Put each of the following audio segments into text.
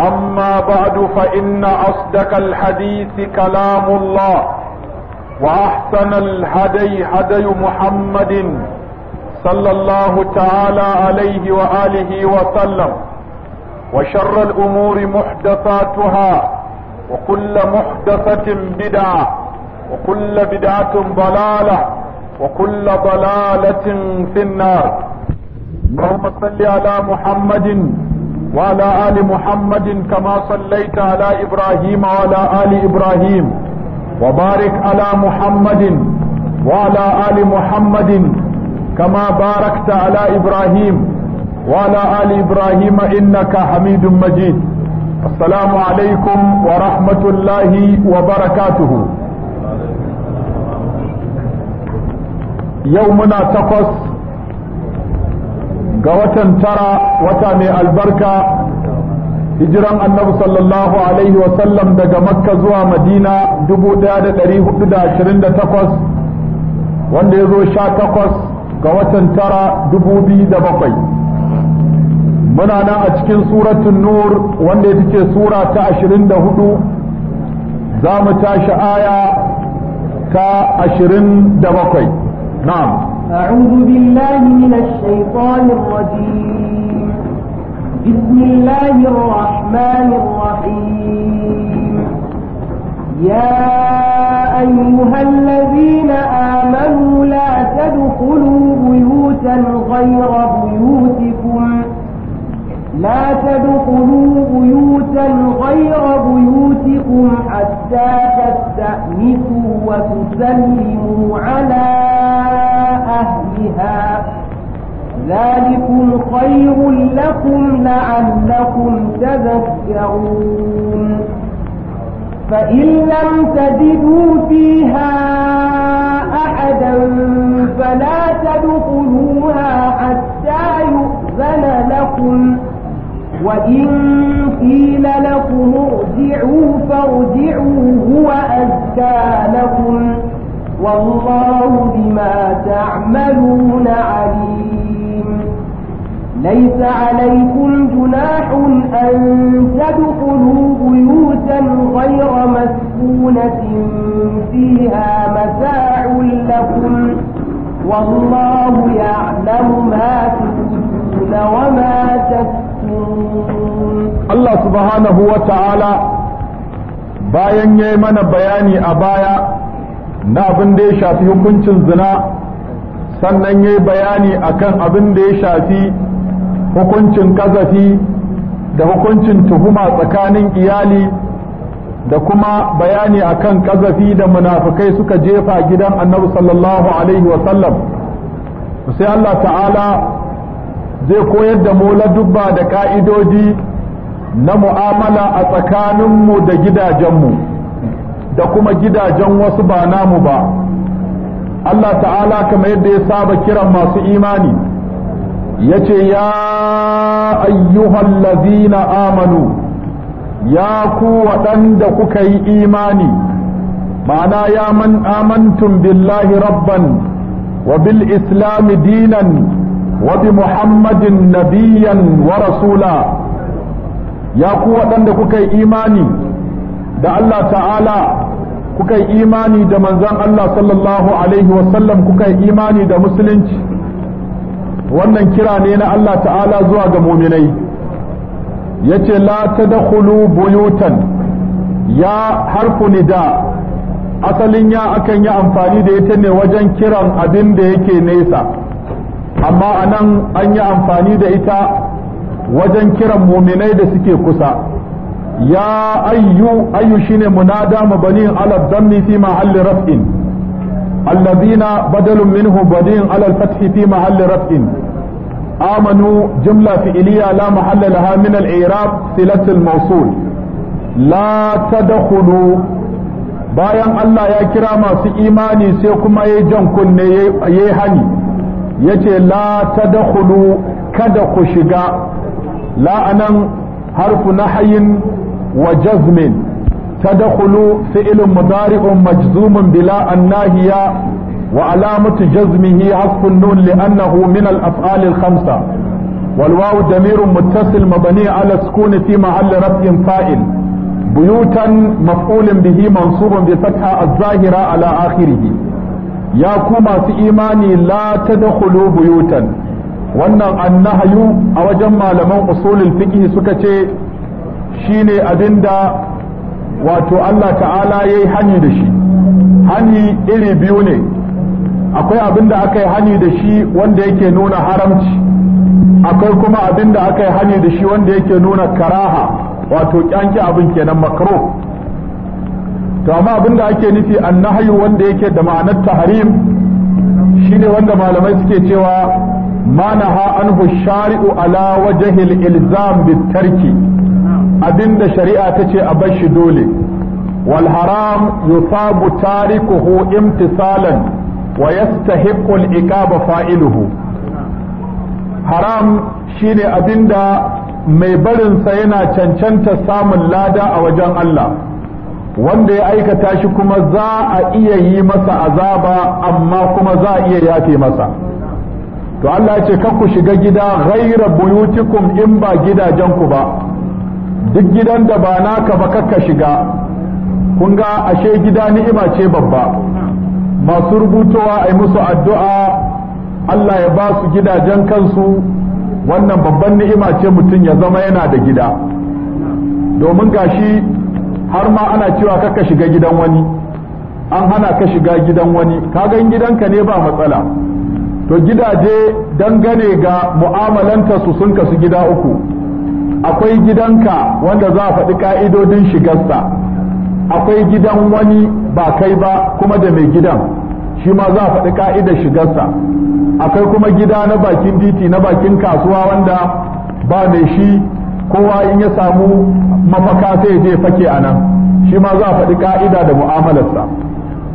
أما بعد فإن أصدق الحديث كلام الله وأحسن الهدي هدي محمد صلى الله تعالى عليه وآله وسلم وشر الأمور محدثاتها وكل محدثة بدعة وكل بدعة ضلالة وكل ضلالة في النار اللهم صل على محمد وعلى آل محمد كما صليت على إبراهيم وعلى آل إبراهيم وبارك على محمد وعلى آل محمد كما باركت على إبراهيم وعلى آل إبراهيم إنك حميد مجيد السلام عليكم ورحمة الله وبركاته يومنا تقص ga watan tara wata mai albarka hijiran annabi sallallahu alaihi wasallam daga makka zuwa madina 1428 wanda ya zo sha takwas ga watan tara 2007 muna nan a cikin suratun nur wanda ya take sura ta 24 za mu tashi aya ta 27 na'am أعوذ بالله من الشيطان الرجيم بسم الله الرحمن الرحيم يا أيها الذين آمنوا لا تدخلوا بيوتا غير بيوتكم لا تدخلوا بيوتا غير بيوتكم حتى تستأنسوا وتسلموا على أهلها ذلكم خير لكم لعلكم تذكرون فإن لم تجدوا فيها أحدا فلا تدخلوها حتى يؤذن لكم وإن قيل لكم ارجعوا فارجعوا هو أزكى لكم والله بما تعملون عليم ليس عليكم جناح أن تدخلوا بيوتا غير مسكونة فيها متاع لكم والله يعلم ما تكتبون وما تكتمون الله سبحانه وتعالى bayan ya yi mana bayani a baya na abin da ya shafi hukuncin zina sannan ya yi bayani akan abin da ya shafi hukuncin kazafi da hukuncin tuhuma tsakanin iyali da kuma bayani akan kazafi da munafukai suka jefa gidan annabi sallallahu alaihi wasallam sai Allah ta'ala zai koyar da mu ladubba da ka'idodi na mu'amala a tsakaninmu da gidajenmu da kuma gidajen wasu ba namu ba Allah ta'ala kamar yadda ya saba kiran masu imani ya ce ya ayyuhallazina amanu ya ku waɗanda kuka yi imani ma'ana ya man amantum billahi rabban wa bil islami dinan wa bi muhammadin nabiyan wa rasula ya ku waɗanda kuka yi imani da Allah ta'ala kuka yi imani da manzan Allah sallallahu alaihi wasallam kuka yi imani da musulunci wannan kira ne na Allah ta'ala zuwa ga muminai ce la ta hulu buyutan ya harfu nida asalin ya akan yi amfani da ita ne wajen kiran abin da yake nesa amma anan an yi amfani da ita wajen kiran muminai da suke kusa ya ayyu ayyu shine munada mabani ala dhammi fi mahalli raf'in alladhina badalun minhu badin ala al-fathi fi mahalli raf'in amanu jumla fi'liya la mahalla laha min al-i'rab silat al-mawsul bayan Allah ya kira masu imani sai kuma yayi jan kunne yayi hani yace la tadkhulu kada ku shiga la anan harfu nahayin وجزم تدخل فعل مضارع مجزوم بلا الناهية وعلامة جزمه حذف النون لأنه من الأفعال الخمسة والواو ضمير متصل مبني على السكون في محل رفع فاعل بيوتا مفعول به منصوب بفتحة الظاهرة على آخره يا كما في إيماني لا تدخلوا بيوتا wannan annahayu a wajen malaman usulul fiqh suka ce Shi ne abin da wato Allah ta'ala ya yi hani da shi hani iri biyu ne akwai abin da aka yi hani da shi wanda yake nuna haramci akwai kuma abin da aka yi hani da shi wanda yake nuna karaha wato kyanke abin kenan makaro to amma abin da ake nufi annahayu wanda yake da ma'anar tahrim ne wanda malamai suke cewa ma naha anhu shari'u ala wajahil ilzam bitarki abinda shari'a ta ce a bar shi dole wal haram yusabu tarikuhu imtisalan wa yastahiqqu al iqaba fa'iluhu haram shine abinda mai barinsa yana cancanta samun lada a wajen Allah wanda ya aikata shi kuma za a iya yi masa azaba amma kuma za a iya yafe masa to Allah ce ku shiga gida ghaira buyutikum in ba gidajenku ba duk gidan da ba naka ba kaka shiga kun ga ashe gida ni'ima ce babba masu rubutowa a yi musu addu'a Allah ya ba su gidajen kansu wannan babban ni'ima ce mutum ya zama yana da gida domin gashi har ma ana cewa kaka shiga gidan wani an hana ka shiga gidan wani kagan gidanka ne ba matsala to gidaje dangane ga mu'amalanta su sun kasu gida uku akwai gidanka wanda za a faɗi ƙa'idodin shigarsa akwai gidan wani ba kai ba kuma da mai gidan shi ma za a faɗi ƙa’idar shigarsa akwai kuma gida na bakin titi na bakin kasuwa wanda ba mai shi kowa in ya samu mafaka sai je fake a nan shi ma za a faɗi ka'ida da mu'amalarsa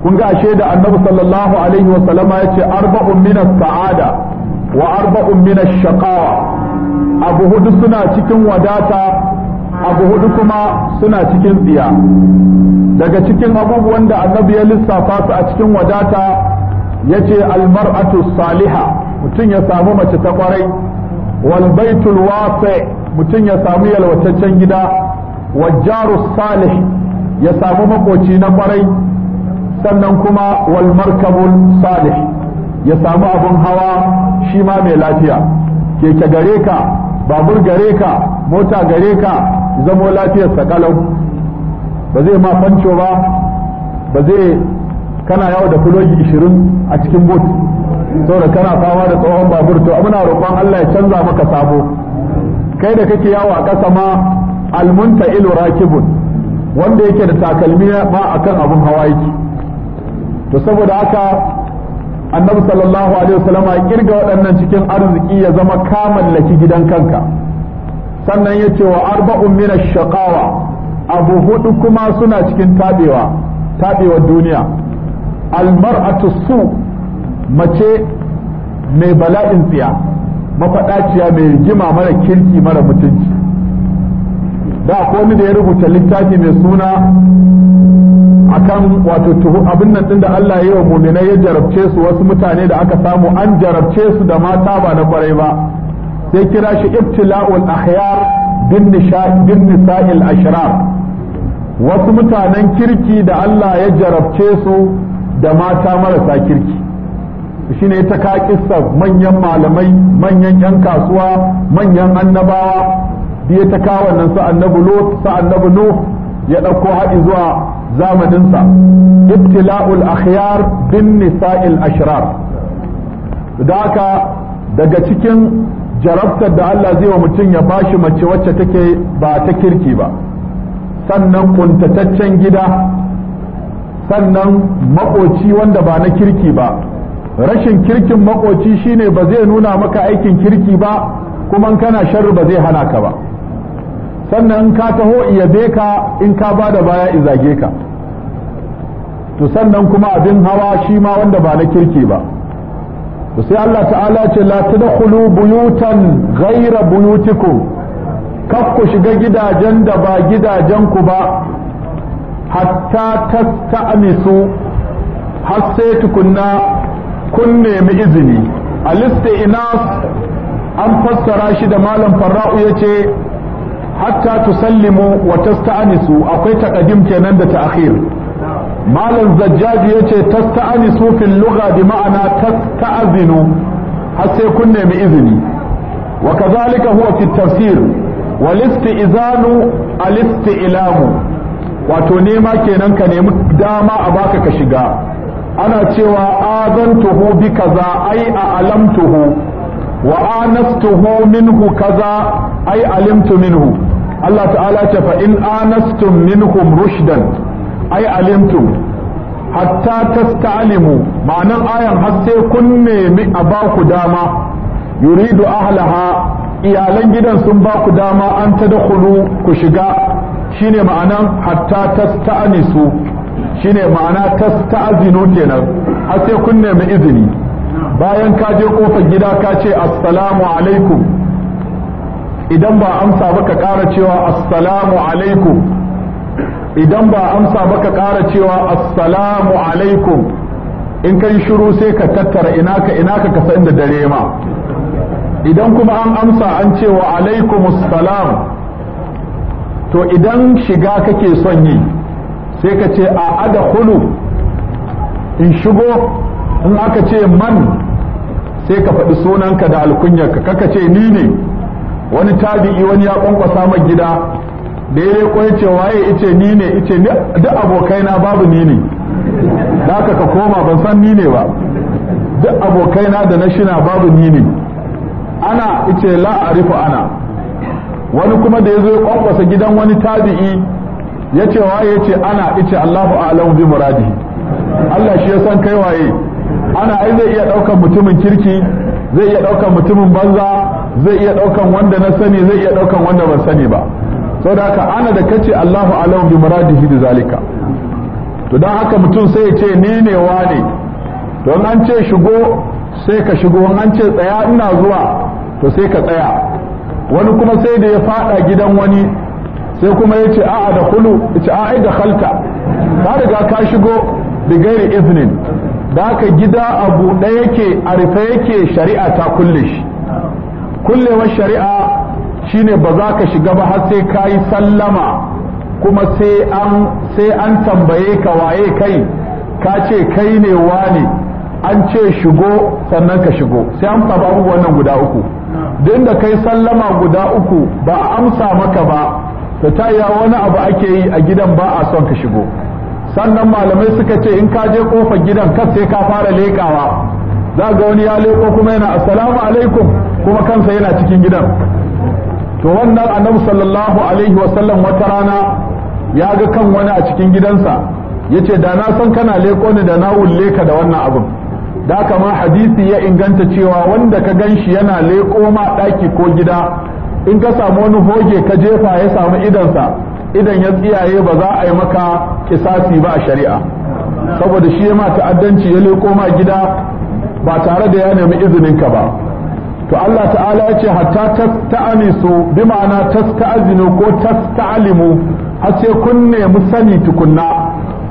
kun ga ashe da annabi sallallahu alaihi wa sallama ya ce arba'un minas sa'ada wa arba'un minas shaqawa abu hudu suna cikin wadata abu hudu kuma suna cikin tsiya daga cikin abubuwan da annabi ya lissafa su a cikin wadata yace ce almar'atu saliha mutum ya samu mace ta kwarai wal baitul wasi mutum ya samu yalwataccen gida wajjaru salih ya samu makoci na kwarai sannan kuma wal markabul salih ya samu abun hawa shi ma mai lafiya keke gare ka babur gare ka mota gare ka zamo lafiyar sakalau ba zai ma fanco ba ba zai kana yawo da kuloji ishirin a cikin bot saboda kana fama da tsohon babur to muna roƙon Allah ya canza maka sabo kai da kake yawo a ƙasa ma almunta ilu rakibun wanda yake da takalmi ba akan abun hawa yake to saboda haka annabi sallallahu alaihi wasallam ya kirga waɗannan cikin arziki ya zama ka mallaki gidan kanka sannan ya ce wa arba'un min shaqawa abu hudu kuma suna cikin tabewa tabewa duniya al-mar'atu su mace mai bala'in tsiya mafaɗaciya mai rigima mara kirki mara mutunci da wani da ya rubuta littafi mai suna akan wato tuhu abin nan din da Allah ya yi wa mu'minai ya jarabce su wasu mutane da aka samu an jarabce su da mata ba na kwarai ba sai kira shi ibtila'ul ahyar bin nisa'il ashrar wasu mutanen kirki da Allah ya jarabce su da mata marasa kirki shine ta ka kissa manyan malamai manyan yan kasuwa manyan annabawa biye ta ka wannan su annabi nuh ya ɗauko haɗi zuwa zamaninsa ibtila'ul akhyar bin nisa'il ashrar da haka daga cikin jarabtar da Allah zai wa mutum ya bashi mace wacce take ba ta kirki ba sannan kuntataccen gida sannan makoci wanda ba na kirki ba rashin kirkin makoci shine ba zai nuna maka aikin kirki ba kuma kana sharri ba zai hana ka ba sannan ka taho iya beka in ka ba da baya zage ka to sannan kuma abin hawa shi ma wanda ba na kirki ba to sai Allah ta'ala ce la tadkhulu buyutan ghayra buyutikum kaf ku shiga gidajen da ba gidajen ku ba hatta tasta'misu har sai tukunna kun nemi izini a al ina an fassara shi da malam farra'u yace hatta tusallimu wa tasta'anisu akwai taqdim kenan da ta'khir malam zajjaji yace tasta'anisu fil lugha bi ma'ana tasta'zinu har sai kun nemi izini wa kadhalika huwa fi tafsir wal isti'zanu al isti'lamu wato nema kenan ka nemi dama a baka ka shiga ana cewa azantuhu bi kaza ai a alamtuhu wa anastuhu minhu kaza ai alimtu minhu Allah ta'ala ce fa in anastum minhum rushdan ai alimtum hatta tasta'limu ma'anan ayan har sai kun nemi a ba ku dama yuridu ahlaha iyalan gidan sun ba ku dama an tadkhulu ku shiga shine ma'anan hatta tasta'nisu shine ma'ana tasta'zinu kenan har sai kun nemi izini bayan ka je kofar gida ka ce assalamu alaikum idan ba amsa ba ka ƙara cewa assalamu alaikum idan ba amsa ba ka ƙara cewa assalamu alaikum in kai shiru sai ka tattara ina ka ina ka kasa inda dare ma idan kuma an amsa an ce wa alaikumussalam to idan shiga kake son yi sai ka ce a adkhulu in shigo in aka ce man sai ka faɗi sunanka da alkunyarka kaka ce ni ne wani tabi'i wani ya kwankwasa mai gida da ya ko ya ce waye ice ni ne ice duk abokaina babu ni ne da aka ka koma ban san ni ne ba duk abokaina da na shina babu ni ne ana ice la arifu ana wani kuma da ya zo ya kwankwasa gidan wani tabi'i ya ce waye ya ce ana ice Allahu a'lamu bi muradi Allah shi ya san kai waye ana ai zai iya ɗaukan mutumin kirki zai iya ɗaukan mutumin banza zai iya ɗaukan wanda na sani zai iya ɗaukan wanda ban sani ba da haka ana da kace Allahu alahu bi muradihi da zalika to dan haka mutum sai ya ce ni ne wane to an ce shigo sai ka shigo an ce tsaya ina zuwa to sai ka tsaya wani kuma sai da ya fada gidan wani sai kuma ya ce a'a da kulu ce a'a da khalta. ka riga ka shigo da gairi iznin da haka gida abu ɗaya yake a rufe yake shari'a ta kulle shi kullewar shari'a shine ba za ka shiga ba har sai ka yi sallama kuma sai an an tambaye ka waye kai ka ce kai ne wane an ce shigo sannan ka shigo sai an faɗa wannan guda uku duk da kai sallama guda uku ba a amsa maka ba ta ta wani abu ake yi a gidan ba a son ka shigo sannan malamai suka ce in ka je kofar gidan kar sai ka fara leƙawa za ga wani ya leko kuma yana assalamu alaikum kuma kansa yana cikin gidan to wannan annabi sallallahu alaihi wa sallam wata rana ya ga kan wani a cikin gidansa yace da na san kana leko ni da na wulle ka da wannan abin da haka hadisi ya inganta cewa wanda ka ganshi yana leko ma daki ko gida in ka samu wani hoge ka jefa ya samu idansa idan ya tsiyaye ba za a yi maka kisasi ba a shari'a saboda shi ma ta'addanci ya leko ma gida ba tare da ya nemi izinin ka ba to Allah ta'ala ya ce hatta tasta'anisu bi ma'ana tasta'azinu ko tasta'alimu a ce kun nemi sani tukunna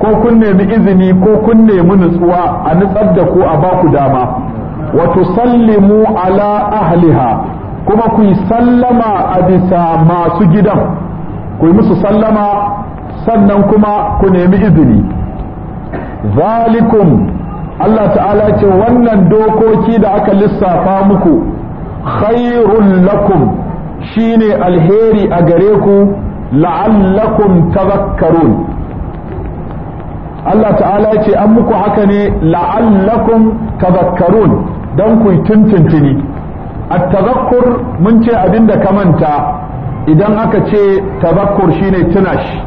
ko kun nemi izini ko kun nemi nutsuwa a nutsar da ku a baku dama wa tusallimu ala ahliha kuma ku yi sallama a bisa masu gidan ku yi musu sallama sannan kuma ku nemi izini zalikum Allah ta'ala ce wannan dokoki da aka lissafa muku khairun lakum shine alheri a gare ku la'allakum tadhakkarun Allah ta'ala ce an muku haka ne la'allakum tadhakkarun don ku tuntuntuni at tazakkur mun ce abinda ka manta idan aka ce tazakkur shine tunashi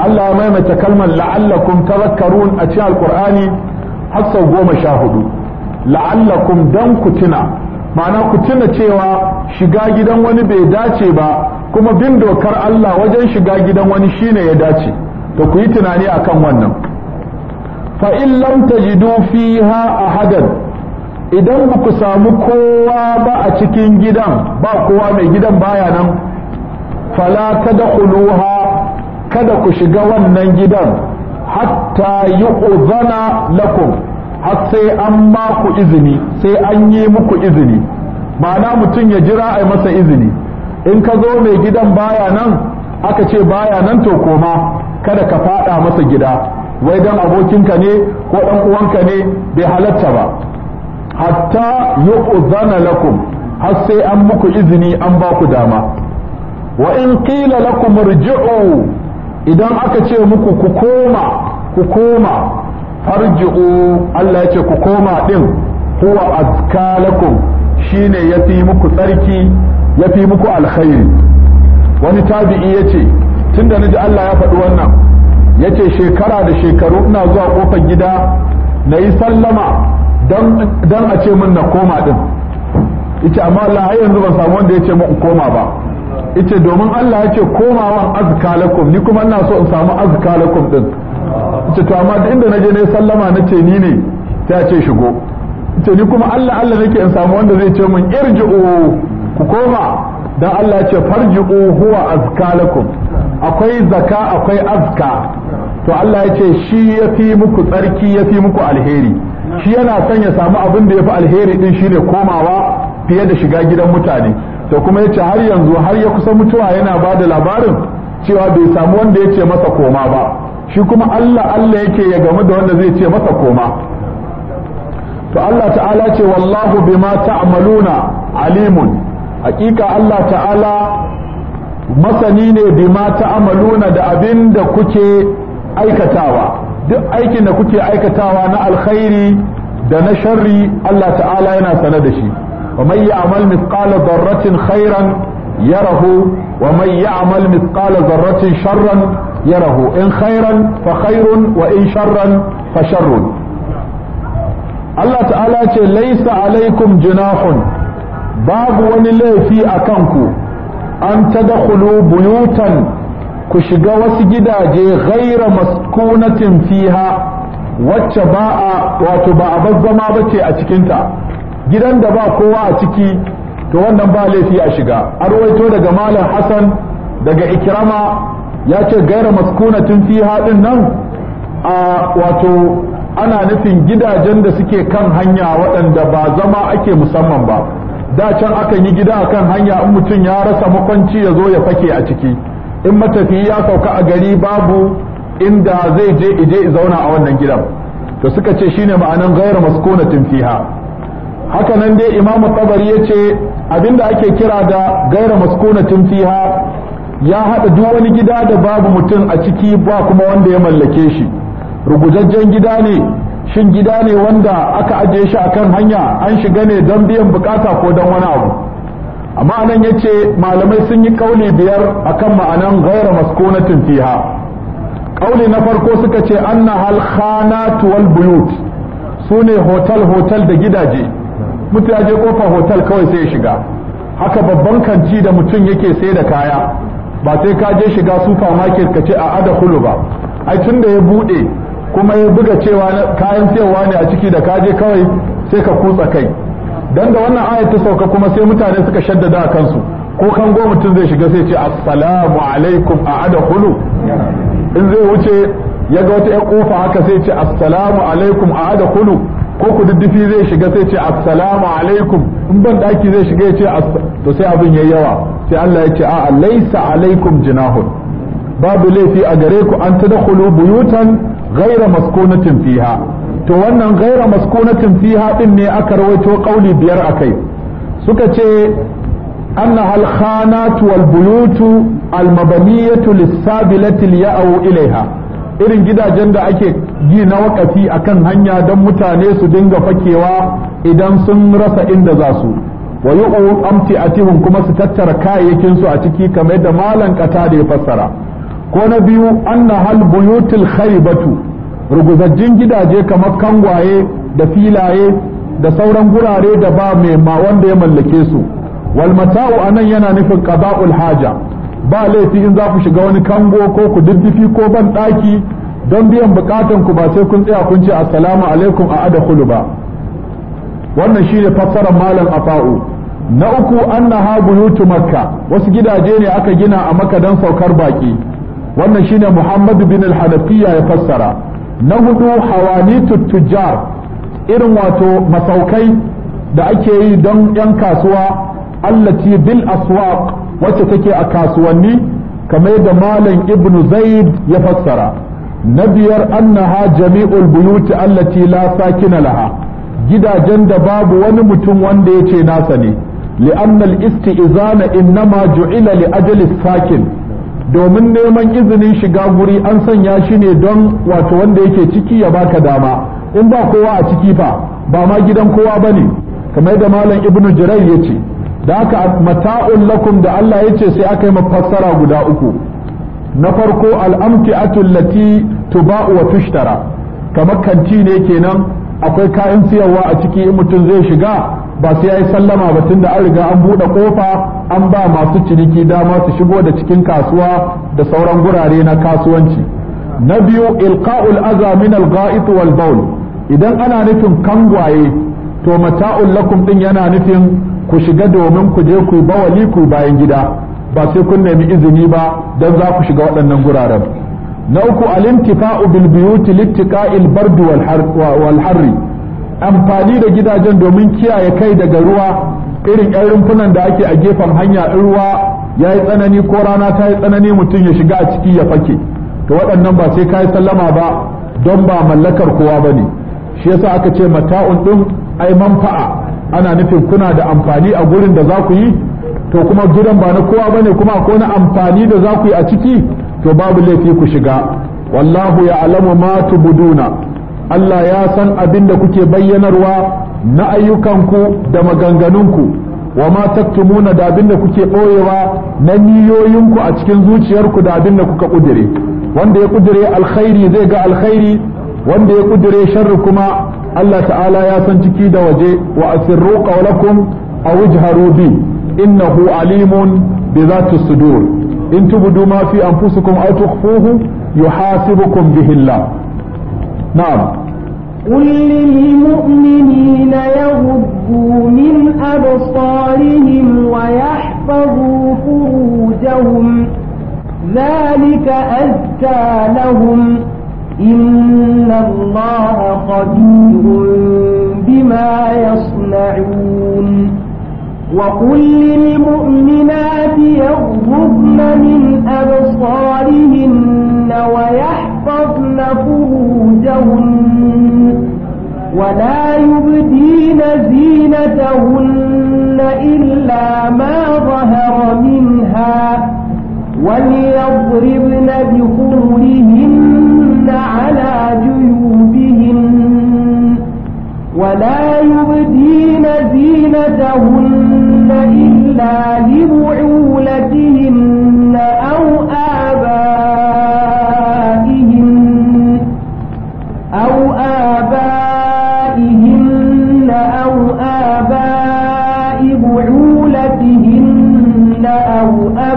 Allah ya maimaita kalmar la'allakum tadhakkarun a cikin alqur'ani har sau goma sha hudu la'allakum dan ku tuna ma'ana ku tuna cewa shiga gidan wani bai dace ba kuma bin dokar Allah wajen shiga gidan wani shine ya dace to ku yi tunani akan wannan fa in lam tajidu fiha ahadan idan ba ku samu kowa ba a cikin gidan ba kowa mai gidan baya nan fala tadkhuluha kada ku shiga wannan gidan hatta uzana lakum har sai an ma ku izini sai an yi muku izini ma'ana mutum ya jira a masa izini in ka zo mai gidan baya nan aka ce baya nan to koma kada ka fada masa gida wai dan abokinka ne ko dan uwanka ne bai halatta ba hatta uzana lakum har sai an muku izini an ba ku dama wa in qila lakum irji'u idan aka ce muku ku koma ku koma farji'u Allah ya ce ku koma din huwa azka lakum shine yafi muku tsarki yafi muku alkhairi wani tabi'i yace tunda naji Allah ya faɗi wannan yace shekara da shekaru ina zuwa kofar gida nayi sallama dan a ce min na koma din yace amma Allah har yanzu ban samu wanda yace mu koma ba yace domin Allah yake komawa azka lakum ni kuma ina so in samu azka lakum din ita to amma duk inda naje ne sallama nace ni ne ta ce shigo ita ni kuma Allah Allah nake in samu wanda zai ce mun irji'u ku koma dan Allah yace farji'u huwa azka lakum akwai zaka akwai azka to Allah yace shi yafi muku tsarki yafi muku alheri shi yana son ya samu abin da ya fi alheri din shine komawa fiye da shiga gidan mutane to kuma yace har yanzu har ya kusa mutuwa yana ba da labarin cewa bai samu wanda ya ce masa koma ba shi kuma Allah Allah yake ya gamu da wanda zai ce masa koma to Allah ta'ala ce wallahu bima ta'maluna alimun hakika Allah ta'ala masani ne bima ta'maluna da abin da kuke aikatawa duk aikin da kuke aikatawa na alkhairi da na sharri Allah ta'ala yana sane da shi ومن يعمل مثقال ذرة خيرا يره ومن يعمل مثقال ذرة شرا يره إن خيرا فخير وإن شرا فشر الله تعالى ليس عليكم جناح باب ونلي في أكنكم أن تدخلوا بيوتا كشغا وسجدا جي غير مسكونة فيها wacce ba a wato ba a bar zama ba ce a cikinta gidan da ba kowa a ciki to wannan ba laifi a shiga arwaito daga malam hasan daga ikrama ya ce gaira maskunatin fi haɗin nan a wato ana nufin gidajen da suke kan hanya waɗanda ba zama ake musamman ba da can akan yi gida kan hanya in mutum ya rasa makwanci ya zo ya fake a ciki in matafiya ya sauka a gari babu inda zai je ije zauna a wannan gidan to suka ce shine ma'anan gaira maskunatin fiha haka nan dai imamu tabari ya ce abinda ake kira da gaira maskunatin fiha ya haɗa duk wani gida da babu mutum a ciki ba kuma wanda ya mallake shi rugujajjen gida ne shin gida ne wanda aka ajiye shi akan hanya an shiga ne don biyan bukata ko don wani abu amma anan ya ce malamai sun yi kauli biyar a kan ma'anan gaira maskunatin fiha kauli na farko suka ce an na halkana wal buyut su ne hotel hotel da gidaje mutum ya je kofar hotel kawai sai ya shiga haka babban kanci da mutum yake sai da kaya ba sai ka je shiga supermarket ka ce a ada hulu ba ai tun da ya bude kuma ya buga cewa kayan sayarwa ne a ciki da ka je kawai sai ka kutsa kai dan da wannan ayat ta sauka kuma sai mutane suka shaddada a kansu ko kan go mutum zai shiga sai ce assalamu alaikum a ada hulu in zai wuce ya ga wata ƴan kofa haka sai ce assalamu alaikum a ada hulu ko diddifi zai shiga sai ce assalamu alaikum in ban daki zai shiga ya ce to sai abin yayi yawa sai Allah ya ce a'a laisa alaikum jinahun babu laifi a gare ku an tadkhulu buyutan ghaira maskunatin fiha to wannan ghaira maskunatin fiha din ne aka rawaito kauli biyar akai suka ce أنها الخانات والبيوت المبنية للسابلة ليأو إليها irin gidajen da ake yi na wakafi kan hanya don mutane su dinga fakewa idan sun rasa inda za su wa a amti'atihum kuma su tattara kayayyakin su a ciki kamar yadda malan kata da ya fassara ko na biyu an na hal buyutul khaybatu ruguzajjin gidaje kamar kangwaye da filaye da sauran gurare da ba mai ma wanda ya mallake su wal mata'u anan yana nufin qada'ul haja ba laifi in za ku shiga wani kango ko ku diddifi ko ban ɗaki don biyan bukatan ku ba sai kun tsaya kun ce assalamu alaikum a adakhulu ba wannan shi ne fassarar malam afa'u na uku anna ha buyutu makka wasu gidaje ne aka gina a makka don saukar baki wannan shi ne Muhammadu bin al-hanafiya ya fassara na hudu hawanitu tujjar irin wato masaukai da ake yi don 'yan kasuwa allati bil aswaq wacce take a kasuwanni kamar da malam ibn zaid ya fassara na biyar annaha jami'ul buyuti allati la sakina laha gidajen da babu wani mutum wanda ya ce nasa ne li'anna al-isti'zana ma ju'ila li sakin domin neman izinin shiga guri an sanya shi ne don wato wanda yake ciki ya baka dama in ba kowa a ciki fa ba ma gidan kowa bane kamar da malam ibnu jirai ya ce da haka mata'un lakum da Allah ya ce sai aka yi mafassara guda uku na farko al'amti'atu lati tuba'u wa tushtara kamar kanti ne kenan akwai kayan siyarwa a ciki in mutum zai shiga ba sai yayi sallama ba tun da an riga an buɗe ƙofa an ba masu ciniki dama su shigo da cikin kasuwa da sauran gurare na kasuwanci na biyu ilqa'ul aza min al-gha'it wal bawl idan ana nufin kangwaye to mata'ul lakum din yana nufin ku shiga domin ku je ku bawali ku bayan gida ba sai kun nemi izini ba don za ku shiga waɗannan guraren na uku alintifa'u bil buyuti littiqa'il bardu wal harri amfani da gidajen domin kiyaye kai daga ruwa irin yan rumfunan da ake a gefen hanya in ruwa ya yi tsanani ko rana ta yi tsanani mutum ya shiga a ciki ya fake to waɗannan ba sai ka yi sallama ba don ba mallakar kowa ba ne shi yasa aka ce mata'un ɗin ai manfa'a ana nufin kuna da amfani a gurin da za ku yi to kuma gidan ba na kowa bane kuma akwai na amfani da za ku yi a ciki to babu laifi ku shiga wallahu ya alamu ma tubuduna Allah ya san abin da kuke bayyanarwa na ayyukanku da maganganunku wa ma taktumuna da abin da kuke ɓoyewa na niyoyinku a cikin zuciyarku da abin da kuka kudire wanda ya kudire alkhairi zai ga alkhairi wanda ya kudire sharri kuma Allah ta'ala ya san ciki da waje wa asirru qawlakum aw ijharu bi innahu alimun bi dhati sudur in tubdu ma fi anfusikum aw tukhfuhu yuhasibukum bihi Allah na'am قل للمؤمنين يغضوا من أبصارهم ويحفظوا فروجهم ذلك أزكى لهم إن الله قَدِيرٌ بما يصنعون وقل للمؤمنات يغضبن من أبصارهن ويحفظن فروجهن ولا يبدين زينتهن إلا ما ظهر منها وليضربن بخمرهن على جيوبهن ولا يبدين زينتهن إلا لبعولتهن أو آبائهن أو آبائهن أو آباء بعولتهن أو آبائهن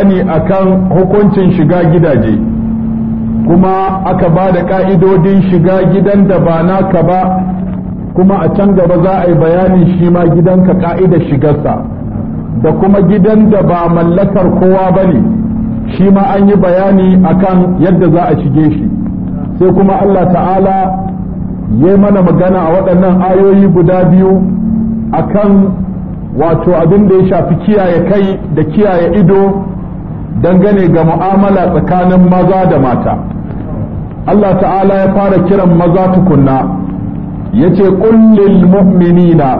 bayani akan hukuncin shiga gidaje kuma aka ba da ka'idodin shiga gidan da ba naka ba kuma a can gaba za a yi bayani shi ma gidanka ka'idar shigarsa da kuma gidan da ba mallakar kowa ba ne shi ma an yi bayani akan yadda za a shige shi sai kuma Allah ta'ala ya mana magana a waɗannan ayoyi guda biyu akan wato abin da ya shafi kiyaye kai da kiyaye ido dangane ga mu'amala tsakanin maza da mata Allah ta'ala ya fara kiran maza tukunna ya ce kullil mu'minina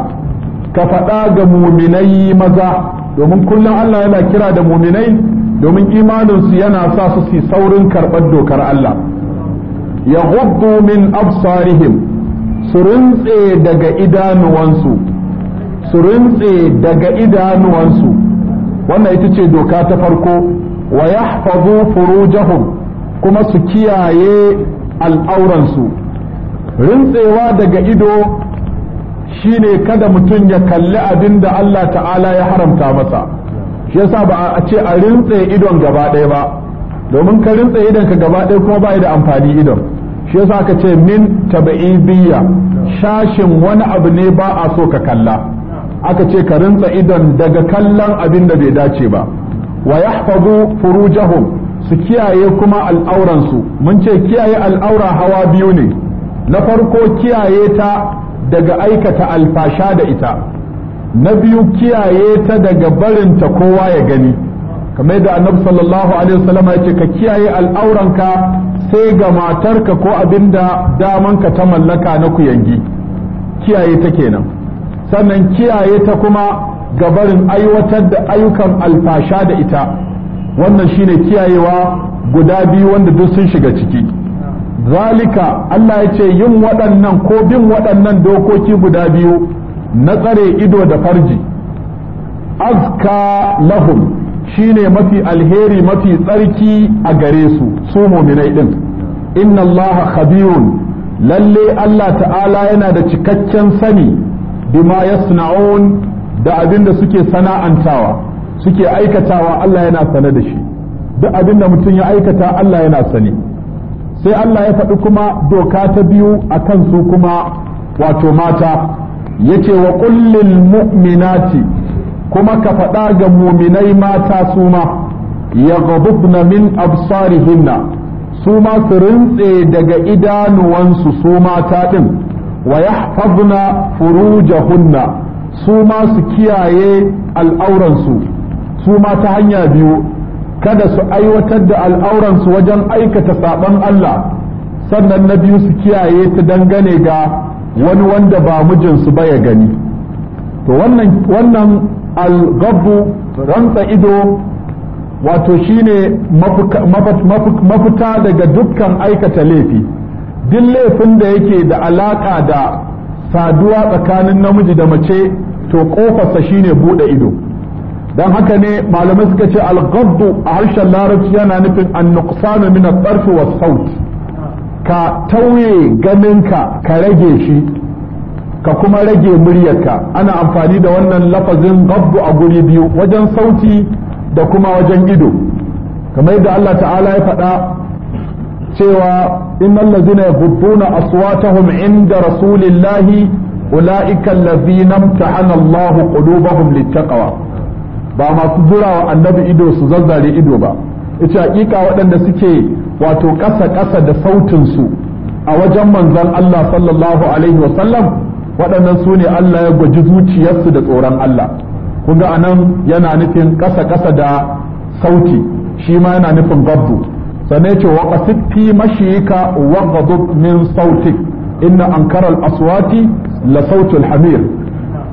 ka faɗa ga muminai maza domin kullum Allah yana kira da muminai domin imaninsu yana sa su si saurin karɓar dokar Allah ya min absarihim su rintse daga idanuwansu su rintse daga idanuwansu wannan ita ce doka ta farko wa yahfazu furujahum kuma su kiyaye al'auransu rintsewa daga ido shine kada mutum ya kalli abin da Allah ta'ala ya haramta masa shi yasa ba a ce a rintse idon gaba ɗaya ba domin ka rintse idon ka gaba ɗaya kuma ba da amfani idon shi yasa aka ce min tabi'ibiyya shashin wani abu ne ba a so ka kalla aka ce ka rintse idon daga kallon abin da bai dace ba wa yahfazu furujahum su kiyaye kuma al'auransu mun ce kiyaye al'aura hawa biyu ne na farko kiyaye ta daga aikata alfasha da ita na biyu kiyaye ta daga barinta kowa ya gani kamar da annabi sallallahu alaihi wasallam ya ce ka kiyaye al'auranka sai ga matarka ko abinda damanka ta mallaka na yangi kiyaye ta kenan sannan kiyaye ta kuma gabarin barin aiwatar da ayyukan alfasha da ita wannan shine kiyayewa guda biyu wanda duk sun shiga ciki zalika Allah ya ce yin waɗannan ko bin waɗannan dokoki guda biyu na tsare ido da farji azka lahum shine mafi alheri mafi tsarki a gare su su muminai din inna Allah khabirun lalle Allah ta'ala yana da cikakken sani bima yasna'un da abin da suke sana'antawa suke aikatawa Allah yana sane da shi duk abin da mutum ya aikata Allah yana sane sai Allah ya faɗi kuma doka ta biyu a kan su kuma wato mata yace wa kullil mu'minati kuma ka faɗa ga muminai mata su ma ya min absarihinna su ma su rintse daga idanuwansu su mata ɗin wa yahfazna furujahunna su ma su kiyaye al'auransu su ma ta hanya biyu kada su aiwatar da al'auransu wajen aikata saɓon Allah sannan na biyu su kiyaye ta dangane ga wani wanda ba mijinsu ba ya gani to wannan wannan al-gabbu rantsa ido wato shine mafita daga dukkan aikata laifi duk laifin da yake da alaƙa da saduwa tsakanin namiji da mace to kofarsa shine bude ido dan haka ne malamai suka ce al-ghaddu a harshen larabci yana nufin an-nuqsan min al-tarf wa saut ka tauye ganinka ka rage shi ka kuma rage muryarka ana amfani da wannan lafazin ghaddu a guri biyu wajen sauti da kuma wajen ido kamar yadda Allah ta'ala ya faɗa cewa innal ladzina yaghudduna aswatahum inda rasulillahi ula'ika allazina imtahana Allah qulubahum littaqwa ba masu zurawa annabi ido su zazzare ido ba ita hakika waɗanda suke wato ƙasa ƙasa da sautin su a wajen manzon Allah sallallahu alaihi wasallam waɗannan su ne Allah ya gwaji zuciyarsu da tsoron Allah kunga anan yana nufin ƙasa ƙasa da sauti shi ma yana nufin gabdu sannan ce wa qasid fi mashika wa min sautik inna ankaral aswati la sautul hamir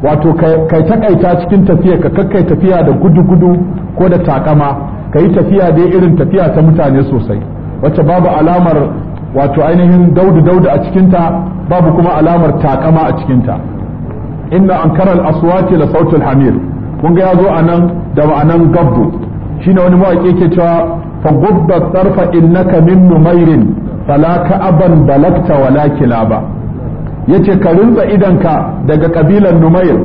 wato kai takaita cikin tafiya ka kakkai tafiya da gudu gudu ko da takama ka yi tafiya da irin tafiya ta mutane sosai wacce babu alamar wato ainihin daudu daudu a cikinta babu kuma alamar takama a cikinta inna ankaral aswati la sautul hamir kun ga yazo anan da ma'anan gabbu shine wani mawaƙi yake cewa fa gubba ka innaka min numairin fala ka'aban balakta wala kilaba yace ka rinza idanka daga kabilan numair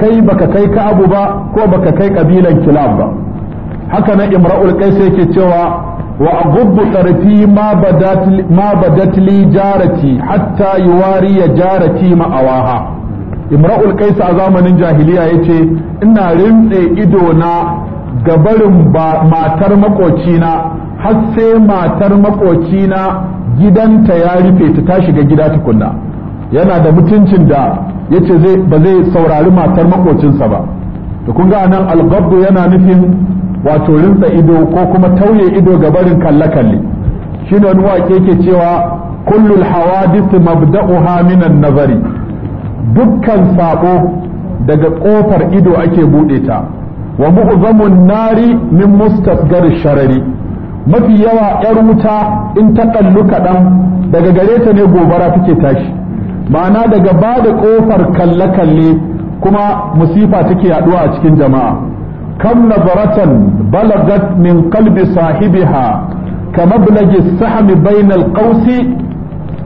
kai baka kai ka'abu ba ko baka kai kabilan kilab ba haka na imra'ul qais yake cewa wa aghuddu tarfi ma badat ma badat li jarati hatta yuwari jarati ma awaha imra'ul qais a zamanin jahiliya yace ina rintse ido na gabarin ba matar makocina har sai matar na gidanta ya rufe ta ta shiga gida tukunna yana da mutuncin da yace zai ba zai saurari matar makocinsa ba to kun ga nan algabdu yana nufin wato rinsa ido ko kuma tauye ido ga barin kalle kalle shi wani wake yake cewa kullul hawadith mabda'uha minan nazari dukkan sabo daga kofar ido ake buɗe ta wa mu'zamun nari min mustasgar sharari mafi yawa yar wuta in ta kallu kaɗan daga gare ta ne gobara take tashi ma'ana daga ba da ƙofar kalle-kalle kuma musifa take yaɗuwa a cikin jama'a kam nazaratan balagat min qalbi sahibiha kama bulagi sahami bainal qausi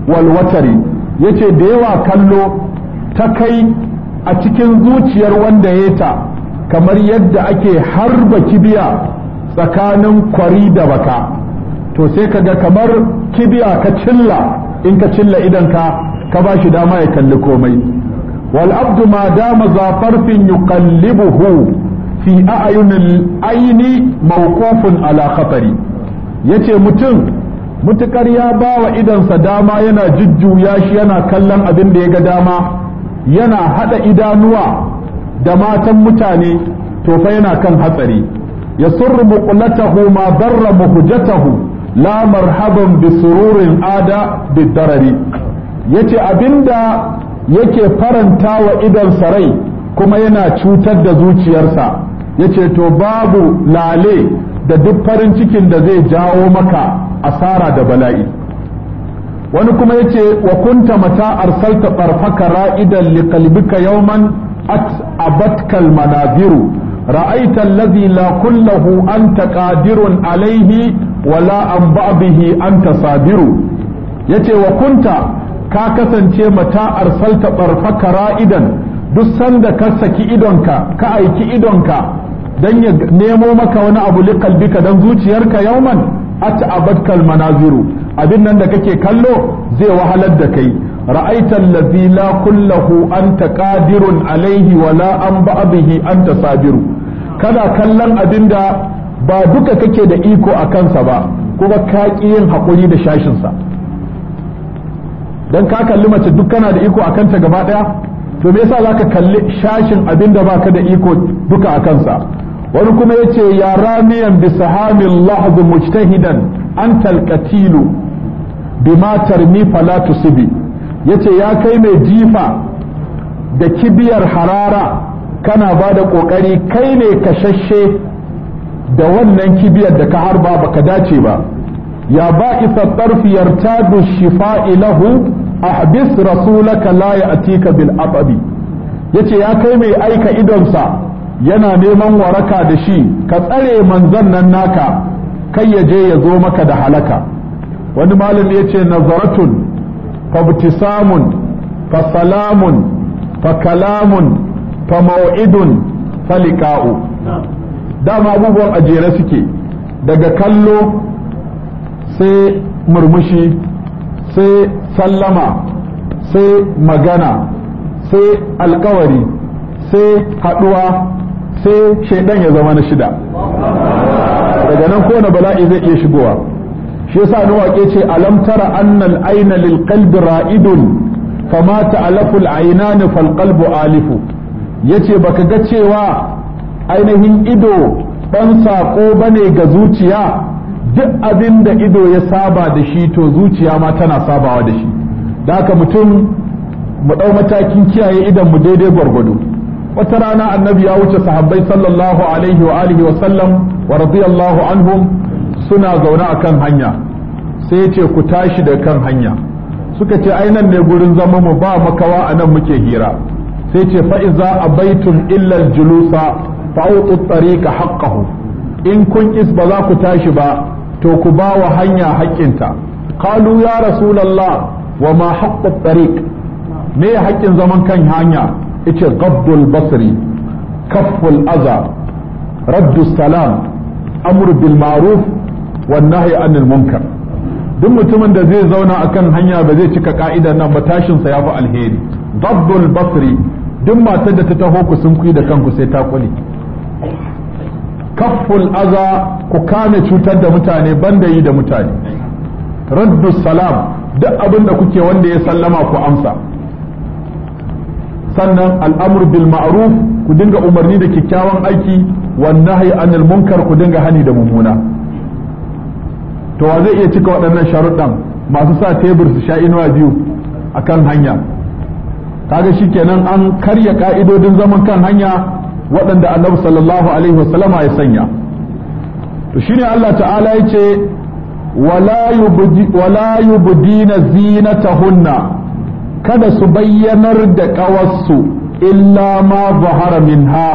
wal watari yace da yawa kallo ta kai a cikin zuciyar wanda ya ta kamar yadda ake harba kibiya tsakanin kwari da baka to sai ka ga kamar kibiya ka cilla in ka cilla idan ka ka ba shi dama ya kalli komai wal abdu ma dama za farfin yuqallibuhu fi a'yunil aini mawqufun ala khatari yace mutum mutukar ya ba bawa idansa dama yana jujjuya shi yana kallon abin da ya ga dama yana hada idanuwa da matan mutane to fa yana kan hatsari يسر مقلته ما ضر مهجته la marhaban bi sururin ada bidarari yace abinda yake faranta wa idan sarai kuma yana cutar da zuciyarsa yace to babu lale da duk farin cikin da zai jawo maka asara da bala'i wani kuma yace wa kunta mata arsalta farfaka ra'idan liqalbika yawman at abatkal manaziru رأيت الذي لا كله أنت قادر عليه ولا عن بعضه أنت صادر يتي وكنت ka kasance mata arsalta barfaka ra'idan duk sanda ka saki idonka ka aiki idonka dan ya nemo maka wani abu liqalbika dan zuciyarka yauman at'abatkal manaziru abin nan da kake kallo zai wahalar da kai رأيت الذي لا كله أنت قادر عليه ولا أن به أنت صابر kallon abin da ba duka kake da iko a kansa ba kuma ka yin haƙuri da shashinsa don ka kalli mace duk kana da iko a kanta gaba ɗaya to me yasa za ka kalli shashin abin da baka da iko duka a kansa wani kuma ya ce ya ramiyan bi sahamin lahzu mujtahidan an talqatilu bima tarmi fala yace ya kai mai jifa da kibiyar harara kana ba da ƙoƙari kai ne kashashe da wannan kibiyar da ka harba baka dace ba ya ba isa tarfi yartadu shifa'i a habis rasulaka la ya'tika bil aqabi yace ya kai mai aika idonsa yana neman waraka da shi ka tsare manzan nan naka kai ya je ya zo maka da halaka wani malami yace nazaratun فابتسام فسلام فكلام فموعد فلقاء dama abubuwan a jere suke daga kallo sai murmushi sai sallama sai magana sai alkawari sai haɗuwa sai shaidan ya zama na shida daga nan kowane bala'i zai iya shigowa shi yasa ni wake ce alam tara annal aina lil qalbi ra'idun fama ta'alaful aynani fal qalbu alifu yace baka ga cewa ainihin ido dan sako bane ga zuciya duk abin da ido ya saba da shi to zuciya ma tana sabawa da shi da haka mutum mu ɗau matakin kiyaye idan mu daidai gwargwado wata rana annabi ya wuce sahabbai sallallahu alaihi wa alihi wa sallam wa radiyallahu anhum suna zaune a kan hanya sai ce ku tashi da kan hanya suka ce ainan ne gurin zama mu ba makawa a nan muke hira sai ce fa'iza a baitun illar julusa fa'autu tsarika haƙƙahu in kun is ba za ku tashi ba to ku ba wa hanya haƙƙinta kalu ya rasulallah wa ma haƙƙa tsariƙ me haƙƙin zaman kan hanya ice gabdul basri kaful aza raddu salam amru bil ma'ruf wan nahyi anil munkar duk mutumin da zai zauna akan hanya ba zai cika ka'idar nan ba tashinsa ya fi alheri dabdul basri duk matar da ta taho ku sun kuyi da kanku sai ta kuli kafful aza ku kame cutar da mutane banda yi da mutane raddu salam duk abin da kuke wanda ya sallama ku amsa sannan al'amur bil ma'ruf ku dinga umarni da kyakkyawan aiki wannan nahyi anil munkar ku dinga hani da mummuna to wa zai iya cika waɗannan sharuɗan masu sa tebur su sha inuwa biyu a kan hanya kaga shi shikenan an karya ka'idodin zaman kan hanya waɗanda annabi sallallahu alaihi wasallama ya sanya to shine Allah ta'ala ya ce wala yubdina zinatahunna kada su bayyanar da ƙawarsu illa ma zahara minha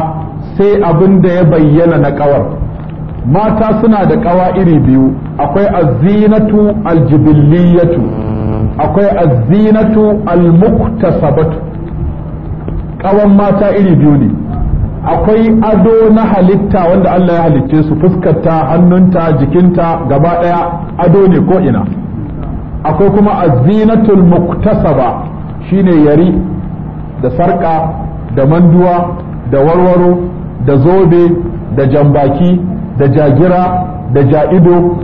sai abin da ya bayyana na ƙawar mata suna da ƙawa iri biyu akwai azinatu aljibilliyatu akwai azinatu almuktasabatu kawan mata iri biyu ne akwai ado na halitta wanda Allah ya halicce su fuskarta hannunta jikinta gaba daya ado ne ko ina akwai kuma azinatul muktasaba shine yari da sarka da manduwa da warwaro da zobe da jambaki da jagira da ja'ido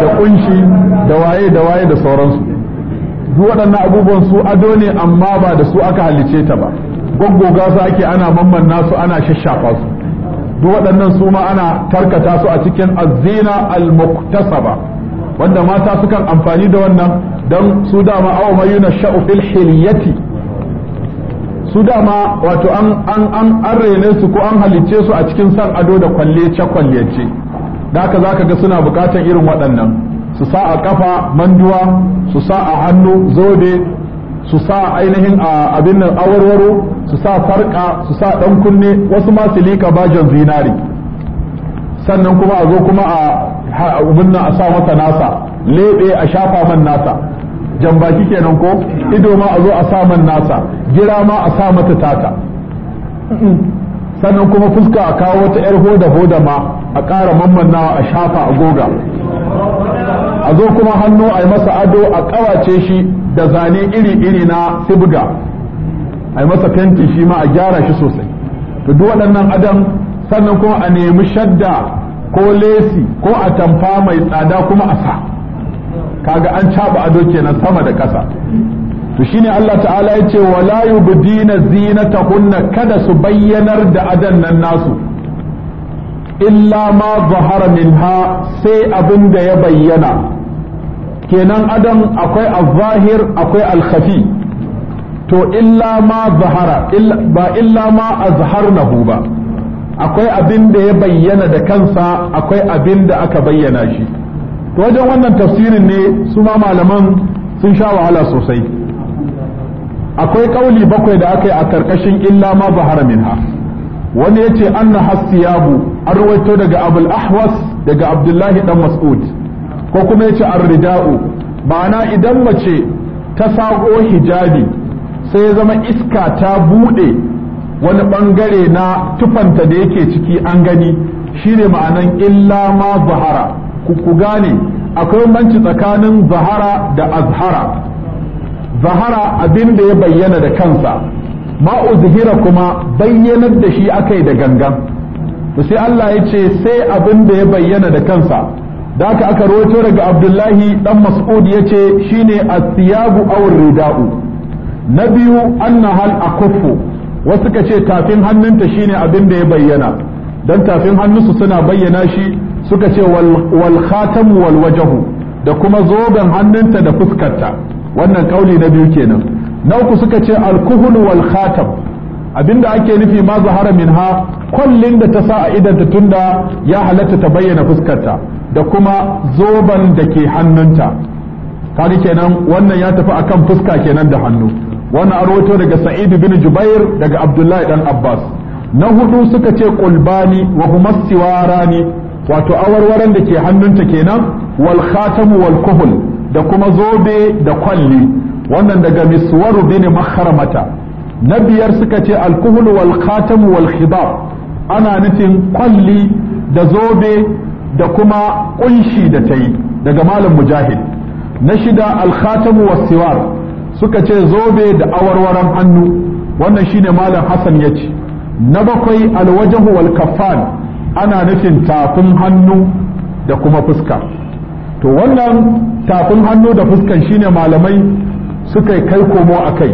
da kunshi da waye da waye da sauransu duk waɗannan abubuwan su ado ne amma ba da su aka halice ta ba goggoga su ake ana mamman nasu ana shashafa su duk waɗannan su ma ana tarkata su a cikin azina al-muktasaba wanda mata sukan amfani da wannan don su dama awa mayuna sha'u fil hilyati su dama wato an an an an rene su ko an halicce su a cikin san ado da kwallace kwallace da haka zaka ga suna bukatar irin waɗannan su sa a kafa manduwa su sa a hannu zobe su sa ainihin a abin nan awarwaro su sa farka su sa dan kunne wasu ma su lika bajan zinari sannan kuma a zo kuma a abin a sa masa nasa lebe a shafa man nasa Jan jambaki kenan ko ido ma a zo a saman nasa gira ma a sa mata taka sannan kuma fuska a kawo wata yar hoda hoda ma a ƙara mammannawa a shafa a goga a zo kuma hannu a yi masa ado a ƙawace shi da zane iri-iri na sibga a yi masa fenti shi ma a gyara shi sosai to duk waɗannan adam sannan kuma a nemi shadda ko lesi ko a tamfa mai tsada kuma a sa kaga an caba ado kenan sama da ƙasa to shine Allah ta'ala ya ce wa zina ta zinatahunna kada su bayyanar da adan nan nasu illa ma zahara minha sai abin da ya bayyana kenan adan akwai al-zahir akwai al-khafi to illa ma zahara ba illa ma azharnahu ba akwai abin da ya bayyana da kansa akwai abin da aka bayyana shi to wajen wannan tafsirin ne su ma malaman sun sha wahala sosai akwai kauli bakwai da aka yi a karkashin illa ma bahara minha wani ya ce anna hasiyabu an ruwaito daga abul ahwas daga abdullahi dan mas'ud ko kuma ya ce arrida'u ma'ana idan mace ta sako hijabi sai ya zama iska ta buɗe wani ɓangare na tufanta da yake ciki an gani shine ma'anan illa ma bahara ku gane akwai manci tsakanin zahara da azhara zahara abin da ya bayyana da kansa ma uzhira kuma bayyanar da shi akai da gangan to sai Allah ya ce sai abin da ya bayyana da kansa da aka aka rawaito daga Abdullahi dan Mas'ud ya yace shine as aw ridau na biyu anna hal akuffu wasu ka ce tafin hannunta shine abin da ya bayyana Don tafin hannunsu suna bayyana shi suka ce wal khatam wal da kuma zoben hannunta da fuskarta wannan kauli na biyu kenan na uku suka ce alkuhul wal khatam abinda ake nufi ma zahara minha kullin da ta sa a idanta tunda ya halatta ta bayyana fuskarta da kuma zoben da ke hannunta kani kenan wannan ya tafi akan fuska kenan da hannu wannan woto daga sa'id bin jubair daga abdullahi dan abbas na hudu suka ce ƙulbani wa huma siwarani wato awarwaran da ke hannunta kenan wal khatamu wal kuhul da kuma zobe da kwalli wannan daga miswaru bin makharamata na biyar suka ce alkuhul wal khatamu wal khidab ana nufin kwalli da zobe da kuma kunshi da ta yi daga malam mujahid na shida alkhatamu was siwar suka ce zobe da awarwaran hannu wannan shine malam hasan ya ce na bakwai alwajahu wal kafan ana nufin tafin hannu da kuma fuska to wannan tafin hannu da fuskan shine malamai suka kai komo a kai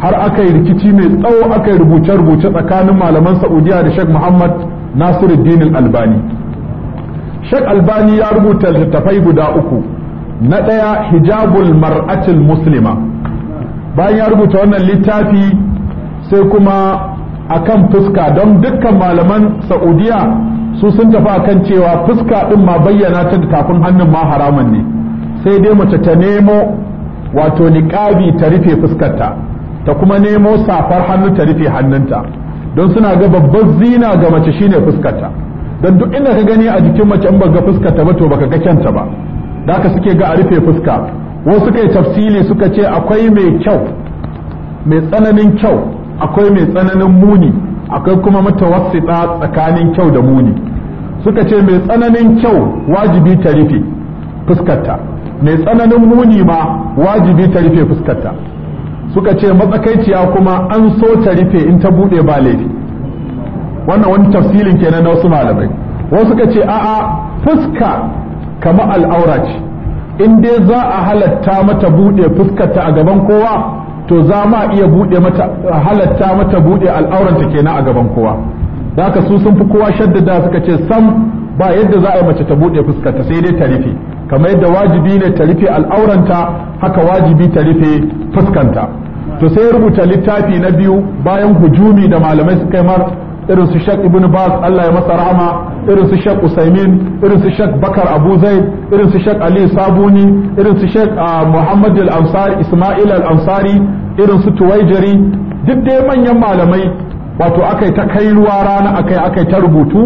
har aka yi rikici mai tsawo aka yi rubuce-rubuce tsakanin malaman saudiya da sheikh muhammad nasiruddin albani sheikh albani ya rubuta littattafai guda uku na ɗaya hijabul mar'atil muslima bayan ya rubuta wannan littafi sai kuma akan fuska don dukkan malaman saudiya su sun tafi akan cewa fuska din ma bayyana ta tafin hannun ma haramun ne sai dai mace ta nemo wato niƙabi ta rufe fuskarta ta kuma nemo safar hannu ta rufe hannunta don suna ga babban zina ga mace shine fuskarta don duk inda ka gani a jikin mace in ba ga fuskarta ba to baka ga kyanta ba da haka suke ga a rufe fuska wasu kai tafsili suka ce akwai mai kyau mai tsananin kyau akwai mai tsananin muni akwai kuma matawassita tsakanin kyau da muni suka ce mai tsananin kyau wajibi ta rufe fuskarta mai tsananin muni ma wajibi ta rufe fuskarta suka ce matsakaiciya kuma an so ta rufe in ta buɗe ba laifi wannan wani tafsilin kenan na wasu malamai wasu suka ce a'a fuska kama al'aura ce in dai za a halatta mata buɗe fuskarta a gaban kowa to za a iya buɗe mata halatta mata buɗe al'auranta kenan a gaban kowa da haka su sun fi kowa shaddada suka ce sam ba yadda za a yi mace ta buɗe fuskarta sai dai ta rufe kamar yadda wajibi ne ta rufe al'auranta haka wajibi ta rufe fuskanta to sai rubuta littafi na biyu bayan hujumi da malamai suka mar irin su Sheikh Ibn Baz Allah ya masa rahama irin su Sheikh Usaimin irin su Sheikh Bakar Abu Zaid irin su Sheikh Ali Sabuni irin su Sheikh ah, Muhammad Al-Ansari Ismail Al-Ansari irin su Tuwaijari duk dai manyan malamai wato akai ta kai ruwa rana akai akai ta rubutu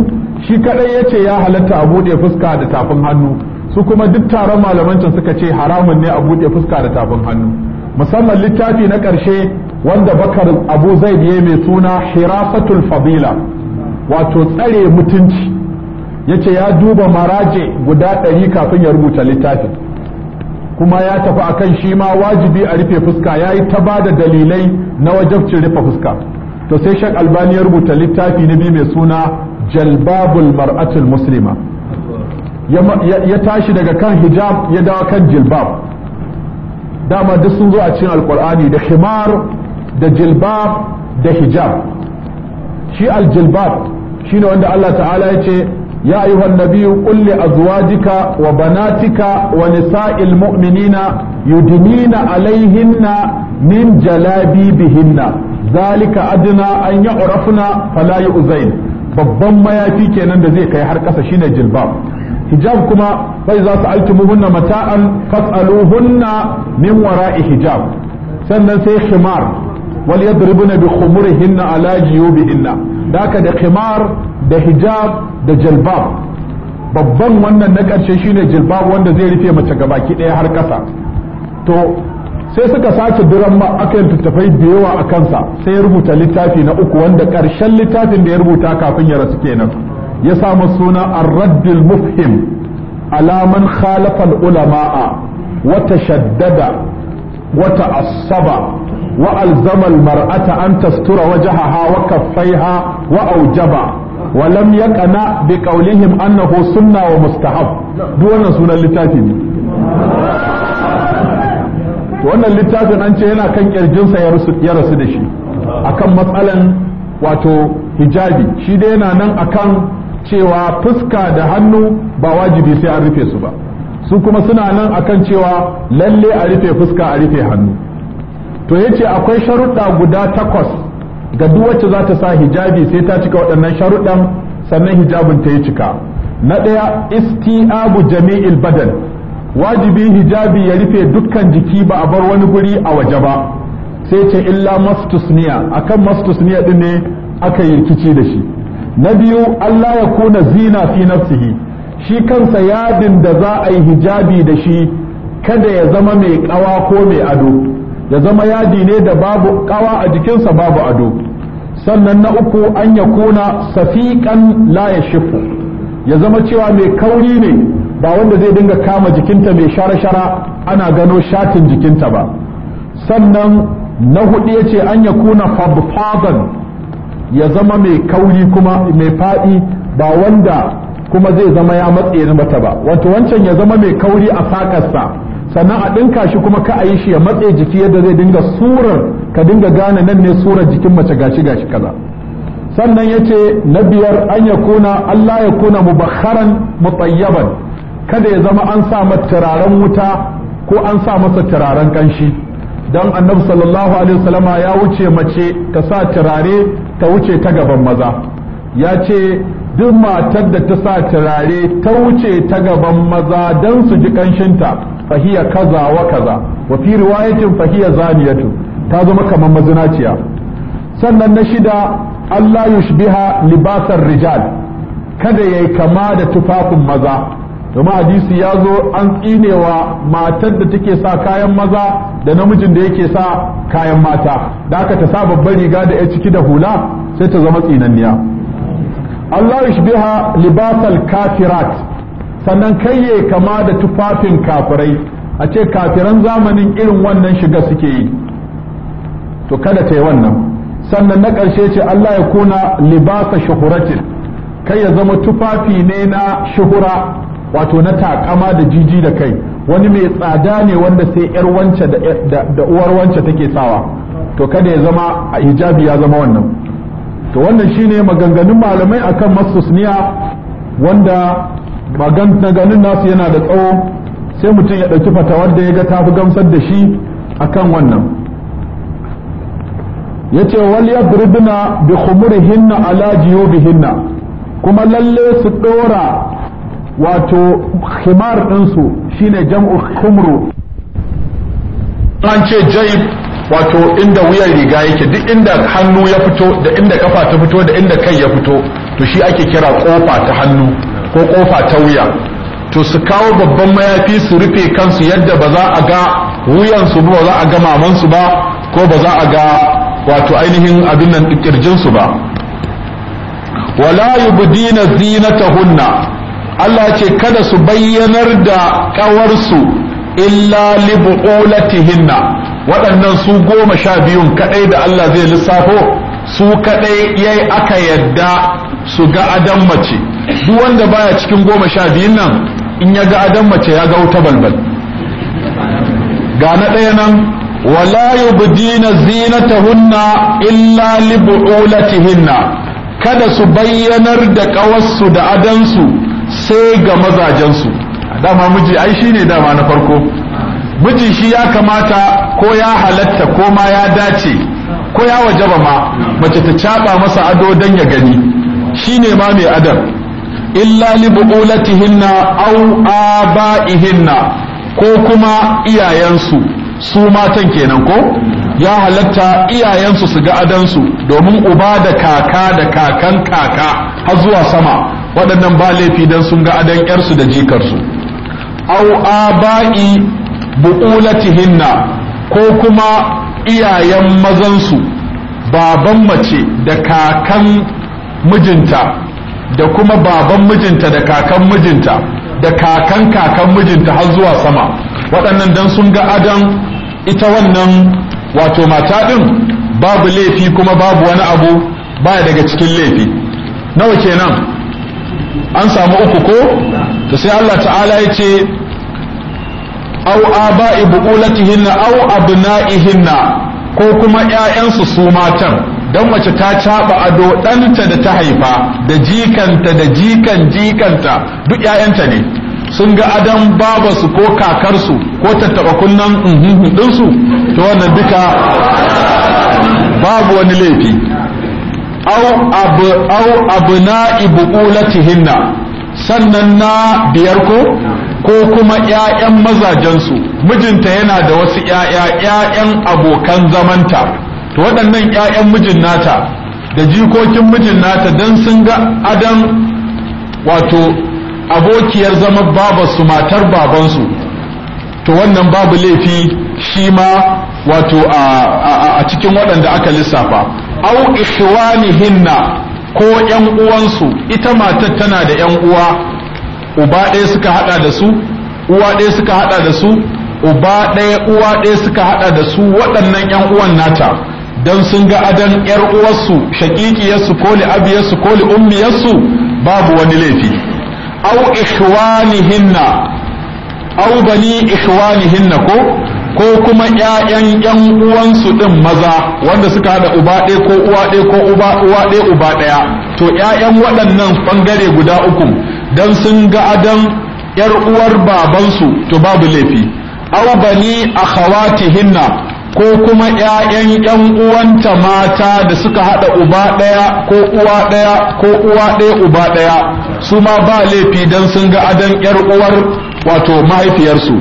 shi kadai yace ya halatta a buɗe fuska da tafin hannu su kuma duk taron malamancin suka ce haramun ne a buɗe fuska da tafin hannu musamman littafi na ƙarshe wanda bakar abu zai ne mai suna hirafatul fabila wato tsare mutunci yace ya duba maraje guda ɗari kafin ya rubuta littafi. kuma ya tafi akan shi ma wajibi a rufe fuska ya yi ta ba da dalilai na wajabcin rufe fuska to sai shan albani ya rubuta littafi na biyu mai suna jalbabul mar'atul muslima ya tashi daga kan hijab ya dawo kan jilbab dama duk sun zo a cikin alkur'ani da himar da jilbab da hijab shi aljilbab shine wanda Allah ta'ala ya ce ya ayyuhan nabiyyu qul li azwajika wa banatika wa nisa'il mu'minina yudnina alaihinna min bihinna zalika adna an ya'rafna fala yu'zain babban mayafi kenan da zai kai har kasa shine jilbab hijab kuma bai za su aiki muhunna mata'an fas'aluhunna min wara'i hijab sannan sai khimar wal yadribuna bi khumurihinna ala jiyubihinna daka da khimar da hijab da jalbab babban wannan na ƙarshe shine jilbab wanda zai rufe mace gabaki ɗaya har ƙasa to sai suka sace biran ma aka yi tattafai da yawa a kansa sai ya rubuta littafi na uku wanda ƙarshen littafin da ya rubuta kafin ya rasu kenan ya samu suna ar mufhim alaman khalafa ulama'a wata shaddada wata asaba wa alzama marata an tastura wajhaha wa kaffaiha wa aujaba wa lam yaqna bi qawlihim annahu sunna wa mustahab duk wannan sunan littafi ne wannan littafin an ce yana kan kirjinsa ya rasu da shi akan matsalan wato hijabi shi dai yana nan akan cewa fuska da hannu ba wajibi sai an rufe su ba su kuma suna nan akan cewa lalle a rufe fuska a rufe hannu to yace akwai sharuɗa guda takwas ga duk wacce za ta sa hijabi sai ta cika waɗannan sharuɗan sannan hijabin ta yi cika na ɗaya isti'abu jami'il badan wajibi hijabi ya rufe dukkan jiki ba a bar wani guri a waje ba sai ce illa mastusniya akan mastusniya ɗin ne aka yi rikici da shi na biyu Allah ya kuna zina fi nafsihi shi kansa yadin da za a yi hijabi da shi kada ya zama mai kawa ko mai ado ya zama yadi ne da babu kawa a jikinsa babu ado sannan na uku an ya kuna safiƙan la ya shifu ya zama cewa mai kauri ne ba wanda zai dinga kama jikinta mai shara-shara ana gano shatin jikinta ba sannan na hudu ya ce an ya kuna fabfazan ya zama mai kauri kuma mai faɗi ba wanda kuma zai zama ya matse ni mata ba wato wancan ya zama mai kauri a sakarsa sannan a ɗinka shi kuma ka a yi shi ya matse jiki yadda zai dinga surar ka dinga gane nan ne surar jikin mace gashi gashi kaza sannan ya ce na biyar an ya kuna Allah ya kuna mubakharan mutayyaban kada ya zama an sa turaren wuta ko an sa masa turaren kanshi don annabi sallallahu alaihi wasallama ya wuce mace ta sa turare ta wuce ta gaban maza ya ce duk matar da ta sa turare ta wuce ta gaban maza don su ji kanshinta fahiya kaza wa kaza wa fi riwayatin fahiya zaniyatu ta zama kamar mazinaciya sannan na shida Allah yushbiha libasar rijal kada yayi kama da tufafin maza domin hadisi ya zo an tsinewa matar da take sa kayan maza da namijin da yake sa kayan mata da aka ta sa babbar riga da ya ciki da hula sai ta zama tsinanniya Allah ya yushbiha libasal kafirat sannan kai kayye kama da tufafin kafirai a ce kafiran zamanin irin wannan shiga suke yi to kada ta yi wannan sannan na ƙarshe ce Allah ya kuna libasa shuhuratin kai ya zama tufafi ne na shuhura wato na takama da jiji da kai wani mai tsada ne wanda sai yar wance da uwar wance take sawa to kada ya zama a hijabi ya zama wannan to wannan shine maganganun malamai akan masusniya wanda maganganun nasu yana da tsawo sai mutum ya ɗauki fatawar da ya ga fi gamsar da shi akan wannan ya ce wal yadribna bi khumurihinna ala jiyubihinna kuma lalle su ɗora wato khimar ɗinsu ne jam'u khumru an ce wato inda wuyar riga yake duk inda hannu ya fito da inda kafa ta fito da inda kai ya fito to shi ake kira kofa ta hannu ko kofa ta wuya to su kawo babban mayafi su rufe kansu yadda ba za a ga wuyansu ba za a ga mamansu ba ko ba za a ga wato ainihin abin nan kirjinsu ba wala yubdina zinatahunna Allah ce kada su bayyanar da ƙawarsu illa libuqulatihinna waɗannan su goma sha biyun kaɗai da Allah zai lissafo su kaɗai yayi aka yadda su ga adam mace duk wanda baya cikin goma sha biyun nan in ya ga adam mace ya ga wuta balbal ga na ɗaya nan wala yubdina zinatahunna illa libuqulatihinna kada su bayyanar da ƙawarsu da adansu sai ga mazajensu dama miji ai shi ne dama na farko miji shi ya kamata ko ya halatta ko ma ya dace ko ya wajaba ma mace ta caba masa ado dan ya gani shi ne ma mai adam illa li bu'ulatihinna aw aba'ihinna ko kuma iyayensu su matan kenan ko ya halatta iyayensu su ga adansu domin uba da kaka da kakan kaka har zuwa sama waɗannan ba laifi don sun ga adan yarsu da jikarsu au aba'i bu'ulatihinna ko kuma iyayen mazansu baban mace da kakan mijinta da kuma baban mijinta da kakan mijinta da kakan kakan mijinta har zuwa sama waɗannan dan sun ga adan ita wannan wato mata ɗin babu laifi kuma babu wani abu baya daga cikin laifi nawa kenan an samu uku ko to sai Allah ta'ala ya ce aw aba'i bu'ulatihinna aw abna'ihinna ko kuma ƴaƴansu su matan dan mace ta caba ado ɗanta da ta haifa da jikanta da jikan jikanta duk ƴaƴanta ne sun ga baba su ko kakarsu ko tattaba kunnan su to wannan duka babu wani laifi au abu na ibulatihinna sannan na biyar ko ko kuma ‘ya'yan mazajensu mijinta yana da wasu ‘ya'ya ‘ya'yan abokan zamanta to waɗannan ‘ya'yan mijin nata da jikokin mijin nata dan sun ga adam wato abokiyar zaman babarsu matar babansu to wannan babu laifi shi ma wato a cikin waɗanda aka lissafa au hinna ko yan uwansu ita matar tana da ƴan uwa uba ɗaya suka haɗa da su uwa ɗaya suka haɗa da su uba ɗaya uwa ɗaya suka haɗa da su waɗannan ƴan uwan nata dan sun ga adan yar uwarsu shaƙiƙiyarsu ko li'abiyarsu ko li'ummiyarsu babu wani laifi aw ikhwanihinna aw bani ikhwanihinna ko ko kuma ƴaƴan ƴan uwansu din maza wanda suka hada uba ɗaya ko uwa ɗaya ko uba uwa ɗaya uba ɗaya to ƴaƴan waɗannan ɓangare guda uku dan sun ga adan ƴar uwar babansu to babu laifi au bani akhawatihinna ko kuma ‘ya'yan ‘yan uwanta mata da suka haɗa uba ɗaya ko uwa ɗaya ko uwa ɗaya uba ɗaya su ma ba laifi don sun ga adon ‘yar uwar wato mahaifiyarsu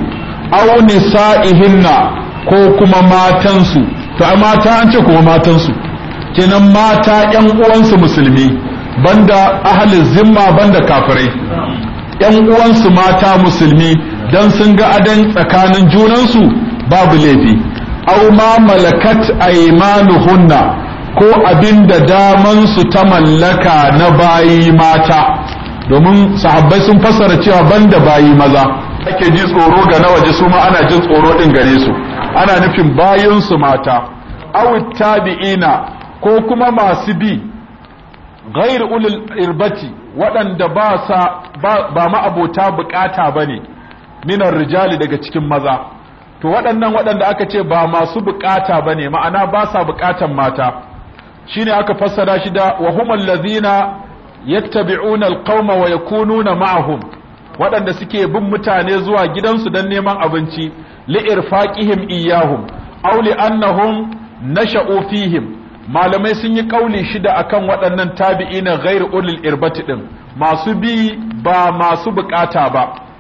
aw nisa'ihinna ko kuma matansu to mata an ce kuma matansu kenan mata ‘yan uwansu musulmi banda ahalin zimma banda kafirai ‘yan uwansu mata musulmi don sun ga adon tsakanin junansu babu laifi aw ma malakat aymanuhunna ko abinda daman su ta mallaka na bayi mata domin sahabbai sun fassara cewa banda bayi maza ake ji tsoro ga na waje su ma ana jin tsoro din gare su ana nufin bayin su mata aw tabi'ina ko kuma masu bi غير Ulul Irbati, waɗanda ba sa ba ma abota bukata bane minar rijali daga cikin maza to waɗannan waɗanda aka ce ba masu bukata ba ne ma'ana ba sa bukatan mata shine aka fassara shi da wa humal ladhina yattabi'una alqawma wa yakununa ma'ahum waɗanda suke bin mutane zuwa gidansu don neman abinci li'irfaqihim iyyahum aw li'annahum nasha'u fihim malamai sun yi kauli shida akan waɗannan tabi'ina ghairu ulil irbati din masu bi ba masu bukata ba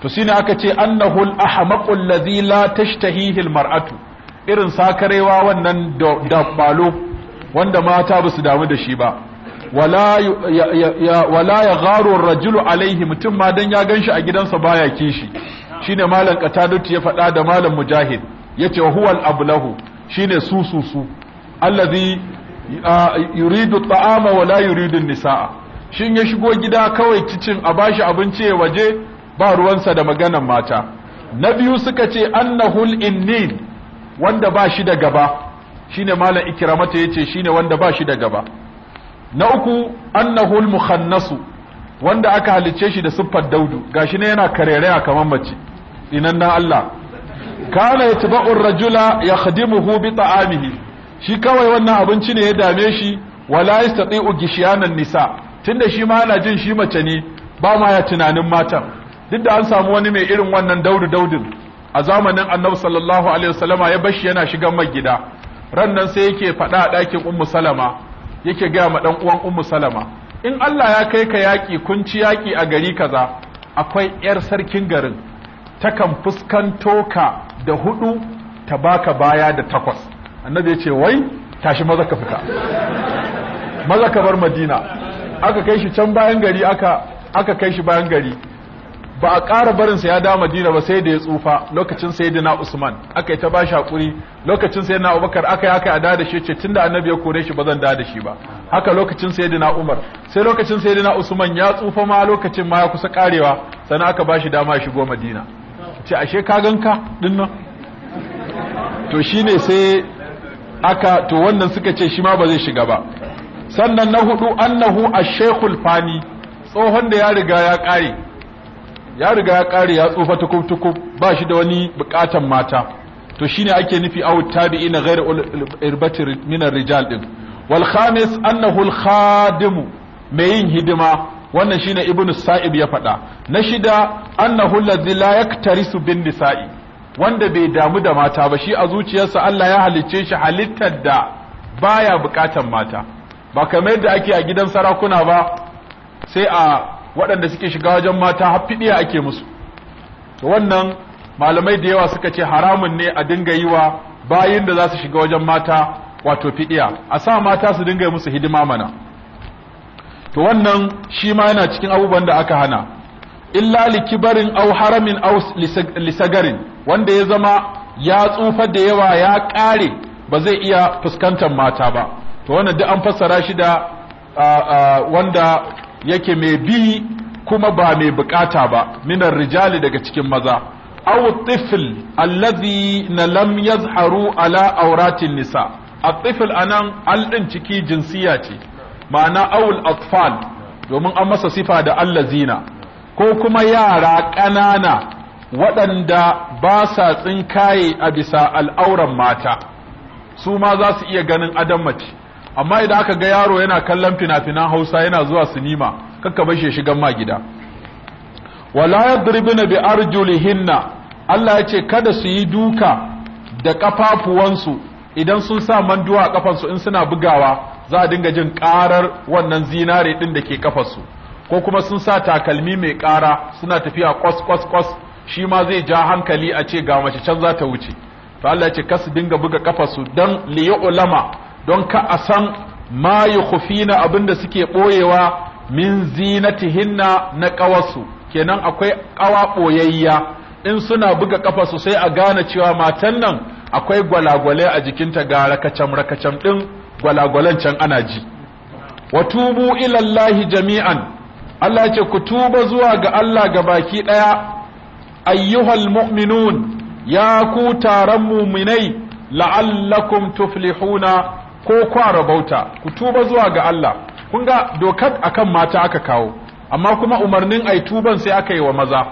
to shine aka ce annahu al-ahmaqu la tashtahihi al-mar'atu irin sakarewa wannan dabbalo wanda mata ba su damu da shi ba wala ya gharu ar-rajulu alaihi mutum ma dan ya ganshi a gidansa baya kishi shine malam qatadut ya faɗa da malam mujahid yace huwa al-ablahu shine su su su alladhi yuridu at-ta'ama wa la yuridu an-nisaa shin ya shigo gida kawai kicin a bashi abinci ya waje ba ruwansa da maganan mata na biyu suka ce annahul inni wanda ba shi da gaba shine malam ikramata yace shine wanda ba shi da gaba na uku annahul mukhannasu wanda aka halicce shi da siffar daudu gashi ne yana a kamar mace dinan dan Allah kana yatba'u ar-rajula yakhdimuhu bi ta'amihi shi kawai wannan abinci ne ya dame shi wala yastati'u gishiyanan nisa tunda shi ma yana jin shi mace ne ba ma ya tunanin matan duk da an samu wani mai irin wannan daudu daudin a zamanin annabi sallallahu alaihi wasallama ya bashi yana shigan mai gida ran nan sai yake faɗa a ɗakin ummu salama yake gaya ma ɗan uwan ummu salama in Allah ya kai ka yaƙi kun ci yaƙi a gari kaza akwai ƴar sarkin garin takan fuskanto ka da hudu ta baka baya da takwas annabi ya ce wai tashi maza ka fita maza ka bar madina aka kai shi can bayan gari aka aka kai shi bayan gari ba a ƙara barinsa ya dawo madina ba sai da ya tsufa lokacin na usman aka yi ta shi hakuri lokacin sai na abubakar aka yi aka da shi ce tun da annabi ya kore shi ba zan da shi ba haka lokacin na umar sai lokacin na usman ya tsufa ma lokacin ma ya kusa karewa sannan aka shi dama ya shigo madina ce ashe ka ganka dinnan to ne sai aka to wannan suka ce shi ma ba zai shiga ba sannan na hudu annahu ash fani tsohon da ya riga ya ƙare. ya riga ya kare ya tsufa tukub tukub ba shi da wani bukatan mata to shine ake nufi awu tabi'ina ghairu irbati min rijal din wal khamis annahu al khadim mai yin hidima wannan shine ibnu sa'ib ya faɗa na shida annahu allazi la yaktarisu bin nisa'i wanda bai damu da mata ba shi a zuciyarsa Allah ya halicce shi halittar da baya bukatan mata ba kamar yadda ake a gidan sarakuna ba sai a waɗanda suke shiga wajen mata haffidiya ake musu to wannan malamai da yawa suka ce haramun ne a dinga yi wa bayin da za su shiga wajen mata wato fidiya a sa mata su dinga musu hidima mana to wannan shi ma yana cikin abubuwan da aka hana illa likibarin au haramin au lisagarin wanda ya zama ya tsufa da yawa ya ƙare ba zai iya fuskantar mata ba to wannan duk an fassara shi da wanda yake mai bi kuma ba mai bukata ba minar rijali daga cikin maza aw tifl allazi na lam yazharu ala auratin nisa a tifl anan din ciki jinsiya ce ma'ana awul atfal domin an masa sifa da allazina ko kuma yara ƙanana waɗanda ba sa tsinkaye a bisa al'auran mata su ma za su iya ganin adam mace amma idan aka ga yaro yana kallon fina-finan hausa yana zuwa sinima kakka bar shi shigan ma gida wala yadribna bi arjulihinna Allah ya ce kada su yi duka da kafafuwansu idan sun sa manduwa a kafansu in suna bugawa za a dinga jin karar wannan zinare din da ke kafarsu ko kuma sun sa takalmi mai kara suna tafiya kwas kwas kwas shi ma zai ja hankali a ce ga mace can za ta wuce to Allah ya ce kasu dinga buga kafarsu dan li ulama don ka a san ma abin da suke ɓoyewa min zinatihinna na ƙawarsu kenan akwai ƙawa ɓoyayya, in suna buga ƙafa sai a gane cewa matan nan akwai gwalagwale a jikinta ga rakacan rakacan ɗin, gwalagwalen can ana ji wa tubu ilallahi jami'an Allah ce ku tuba zuwa ga Allah ga baki ɗaya. ayyuhal mu'minun ya ku taron muminai la'allakum tuflihuna ko kwa rabauta ku tuba zuwa ga Allah kun ga dokar akan mata aka kawo amma kuma umarnin ai tuban sai aka yi wa maza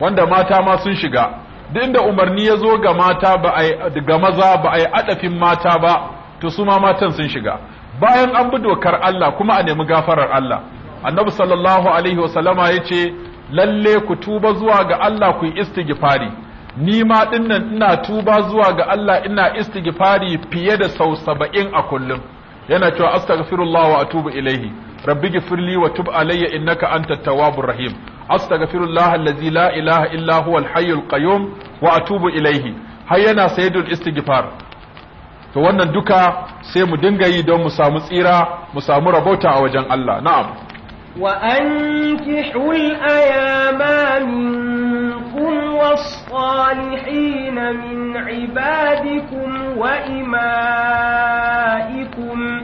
wanda mata ma sun shiga duk inda umarni ya zo ga mata ba ai ga maza ba ai adafin mata ba to su ma matan sun shiga bayan an bi dokar Allah kuma a nemi gafarar Allah annabi sallallahu alaihi wasallama yace lalle ku tuba zuwa ga Allah ku yi istighfari ni ma dinnan ina tuba zuwa ga Allah ina istighfari fiye da sau saba'in a kullum yana cewa astaghfirullah wa atubu ilaihi rabbi gifirli wa tub alayya innaka antat tawwabur rahim astaghfirullah allazi la ilaha illa huwa al-hayyul qayyum wa atubu ilaihi har yana sayyidul istighfar to wannan duka sai mu dinga yi don mu samu tsira mu samu rabauta a wajen Allah na'am وأنكحوا الأيام منكم والصالحين من عبادكم وإمائكم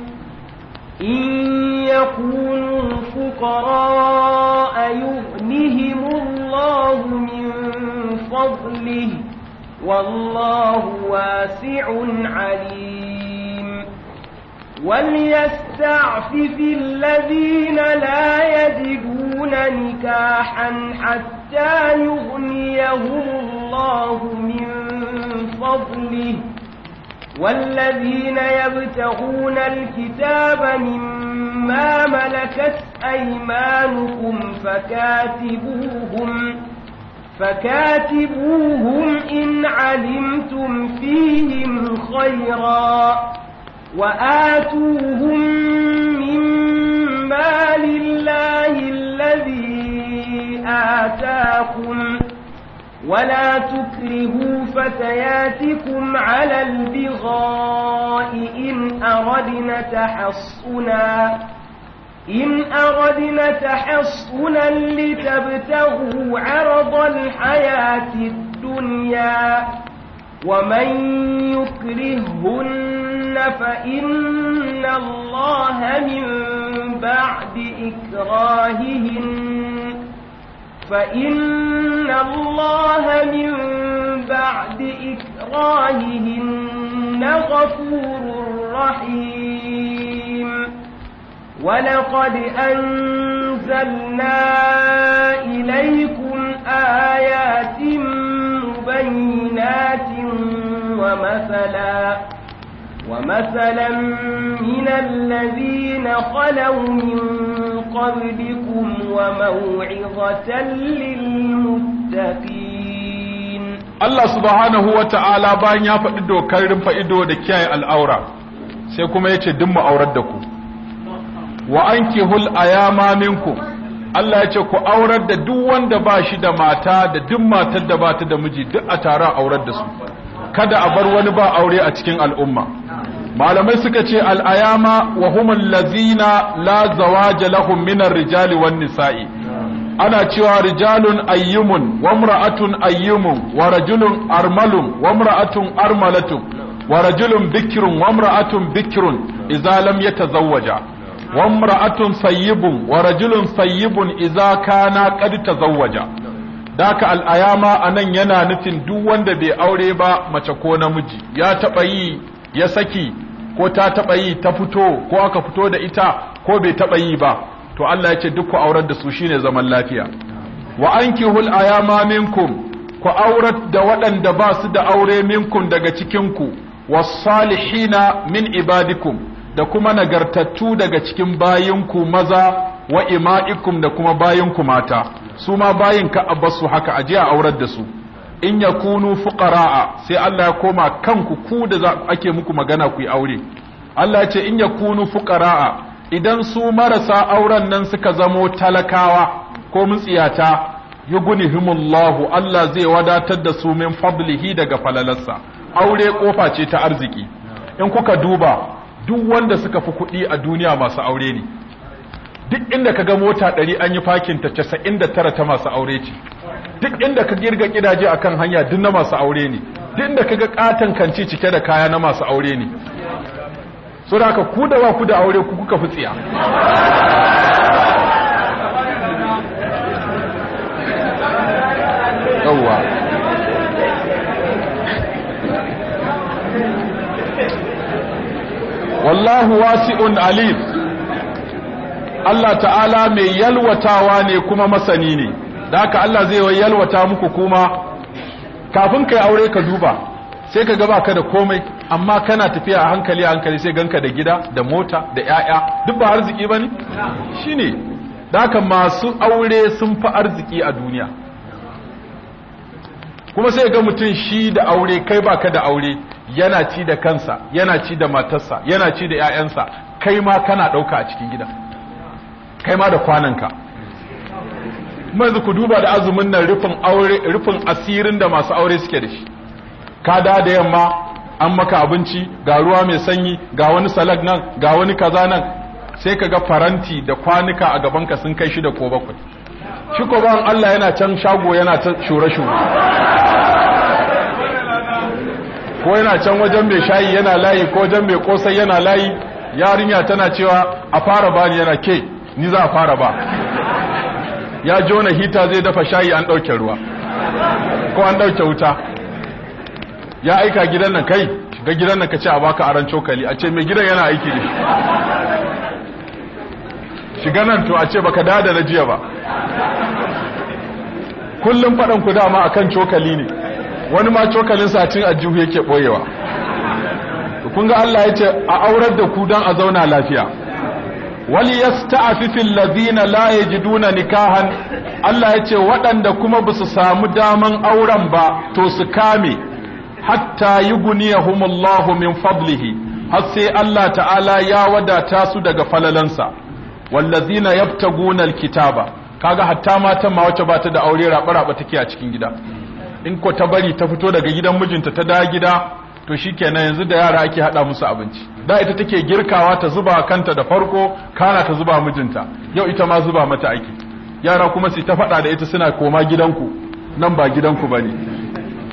إن يكونوا فقراء يغنهم الله من فضله والله واسع عليم وليستعفف الذين لا يجدون نكاحا حتى يغنيهم الله من فضله والذين يبتغون الكتاب مما ملكت أيمانكم فكاتبوهم فكاتبوهم إن علمتم فيهم خيرا وآتوهم من مال الله الذي آتاكم ولا تكرهوا فتياتكم على البغاء إن أردنا تحصنا إن أردنا تحصنا لتبتغوا عرض الحياة الدنيا ومن يكرههن فإن الله من بعد إكراههن فإن الله من بعد إكراههن غفور رحيم ولقد أنزلنا إليكم آيات بينات ومثلا ومثلا من الذين خلوا من قبلكم وموعظة للمتقين الله سبحانه وتعالى بان يفعل دو كرم فإدو دكياي الأورا سيكم يتدم أورد دكم وأنكهوا الأيام منكم Allah ya ce ku aurar da duk wanda ba shi da mata da duk matar da bata da miji duk a tara aurar da su kada a bar wani ba aure a cikin al'umma malamai suka ce al'ayama wa humul lazina la zawaja lahum ar rijali wan nisa'i ana cewa rijalun ayyumun wa imra'atun ayyumun wa rajulun armalum wa imra'atun armalatun wa rajulun bikrun wa imra'atun bikrun idza lam yatazawwaja wamra'atun sayyibun wa rajulun sayyibun idza kana qad tazawwaja daka al'ayama anan yana nufin duk wanda bai aure ba mace ko namiji ya taba yi ya saki ko ta taba yi ta fito ko aka fito da ita ko bai taba yi ba to Allah ya ce duk ku aurar da su shine zaman lafiya wa ankihul ayama minkum ku aurar da waɗanda ba su da aure minkum daga cikin ku cikinku salihina min ibadikum da kuma nagartattu daga cikin bayinku maza wa ima'ikum da kuma bayinku mata su ma bayin ka su haka aje a aurar da su in yakunu fuqara'a sai Allah ya koma kanku ku da ake muku magana ku yi aure Allah ce in yakunu fuqara'a idan su marasa auren nan suka zamo talakawa ko mutsiyata yughnihimullahu Allah zai wadatar da su min fadlihi daga falalarsa aure kofa ce ta arziki in kuka duba duk wanda suka fi kuɗi a duniya masu aure ne duk inda ka ga mota ɗari an yi fakinta casa'in da tara ta masu aure ce duk inda ka girga gidaje a kan hanya duk na masu aure ne duk inda ka ga ƙaton kanci cike da kaya na masu aure ne so da haka ku da wa ku da aure ku kuka fi tsiya wallahu wasi'un alim Allah ta'ala mai yalwatawa ne kuma masani ne da haka Allah zai wa yalwata muku kuma kafin kai aure ka duba sai ka gaba ka da komai amma kana tafiya a hankali a hankali sai ganka da gida da mota da 'ya'ya. duk ba arziki bane shine da haka masu aure sun fi arziki a duniya kuma sai ga mutum shi da aure kai baka da aure yana ci da kansa yana ci da matarsa yana ci da 'ya'yansa kai ma kana ɗauka a cikin gida kai ma da kwananka manzu ku duba da azumin nan rufin aure rufin asirin da masu aure suke da shi ka da da yamma an maka abinci ga ruwa mai sanyi ga wani salak nan ga wani kaza nan sai ka ga faranti da kwanuka a gabanka sun kai shi da ko bakwai shi ko Allah yana can shago yana ta shure-shure ko yana can wajen mai shayi yana layi ko wajen mai kosai yana layi yarinya tana cewa a fara bani yana ke ni za a fara ba ya jona hita zai dafa shayi an ɗauke ruwa ko an ɗauke wuta ya aika gidan nan kai ga gidan nan ka ce a baka aran cokali a ce mai gidan yana aiki ne shiga nan to a ce baka dada na jiya ba kullum faɗan ku dama akan cokali ne wani ma cokalin satin ajihu yake boyewa kun ga Allah ya ce a aurar da ku don a zauna lafiya wali lazina ladina ji duna nikahan Allah ya ce waɗanda kuma ba su samu daman auren ba to su kame hatta yi humullahu min fablihi. har sai Allah ta'ala ya wadata su daga falalansa wallazina yabtaguna alkitaba kaga hatta matan ma wacce ba ta da aure raba raba take a cikin gida in ko ta bari ta fito daga gidan mijinta ta da gida to shikenan yanzu da yara ake hada musu abinci da ita take girkawa ta zuba kanta da farko kana ta zuba mijinta yau ita ma zuba mata ake yara kuma su ta fada da ita suna koma gidanku nan ba gidanku bane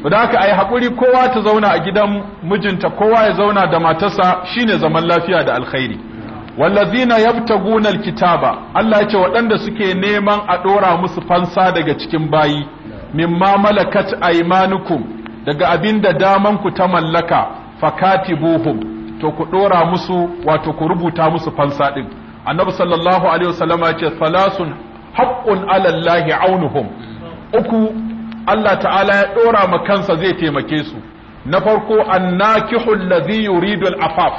da haka ai hakuri kowa ta zauna a gidan mijinta kowa ya zauna da matarsa shine zaman lafiya da alkhairi wallazina yabtaguna alkitaba Allah ya ce waɗanda suke neman a ɗora musu fansa daga cikin bayi mimma malakat aymanukum daga da daman ku ta mallaka fakatibuhum to ku dora musu wato ku rubuta musu fansa din annabi sallallahu alaihi wasallam ya ce salasun haqqun ala allahi aunuhum uku Allah ta'ala ya dora ma kansa zai taimake su na farko annakihu allazi yuridu al-afaf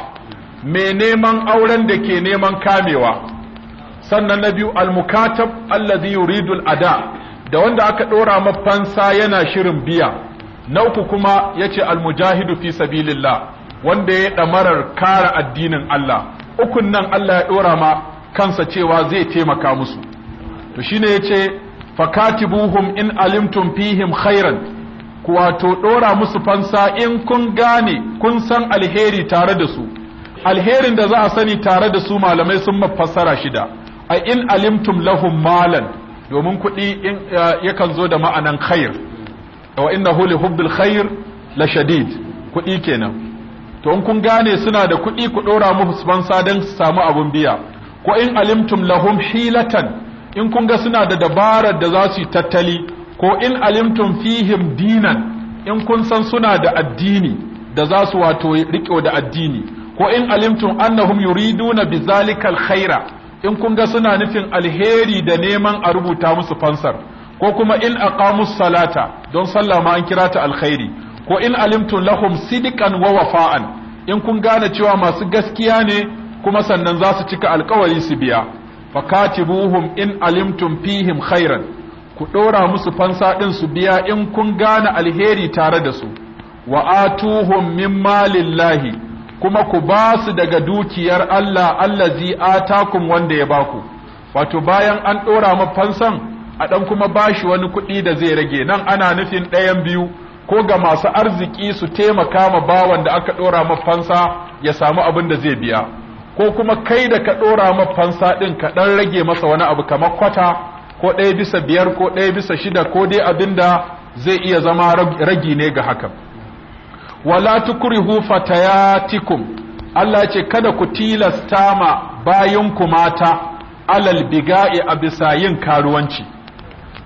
me neman auren da ke neman kamewa sannan na biyu al-mukatab allazi yuridu al-ada da wanda aka ɗora mafansa yana shirin biya na uku kuma yace almujahidu fi sabilillah wanda ya ɗamarar kara addinin Allah ukun nan Allah ya ɗora ma kansa cewa zai taimaka musu to shine ya ce fakatibuhum in alimtum fihim khairan ku wato ɗora musu fansa in kun gane kun san alheri tare da su alherin da za a sani tare da su malamai sun mafassara shida a in alimtum lahum malan domin kuɗi yakan zo da ma'anan khair wa innahu huli hubbil khair la shadid kuɗi kenan to in kun gane suna da kuɗi ku ɗora musu sponsa don su samu abun biya ko in alimtum lahum hilatan in kun ga suna da dabarar da za su yi tattali ko in alimtum fihim dinan in kun san suna da addini da za su wato riƙe da addini ko in alimtum annahum yuriduna bizalikal khaira in kun ga suna nufin alheri da neman a rubuta musu fansar ko kuma in aqamus salata don sallah ma an kira ta alkhairi ko in alimtun lahum sidikan wa wafa'an in kun gane cewa masu gaskiya ne kuma sannan za su cika alkawari su biya fakatibuhum in alimtum fihim khairan ku dora musu fansa din su biya in kun gane alheri tare da su wa atuhum min malillahi kuma ku ba su daga dukiyar Allah Allah allazi atakum wanda ya ba ku. wato bayan an ɗora ma fansan a ɗan kuma bashi wani kuɗi da zai rage nan ana nufin ɗayan biyu ko ga masu arziki su taimaka ma bawan da aka ɗora ma fansa ya samu abin da zai biya ko kuma kai da ka ɗora ma fansa ɗin ka ɗan rage masa wani abu kamar kwata ko ɗaya bisa biyar ko ɗaya bisa shida ko dai abin da zai iya zama ragi ne ga hakan wala tukrihu fatayatikum Allah yace, kada ku tilasta ma bayanku mata alal biga'i a bisa yin karuwanci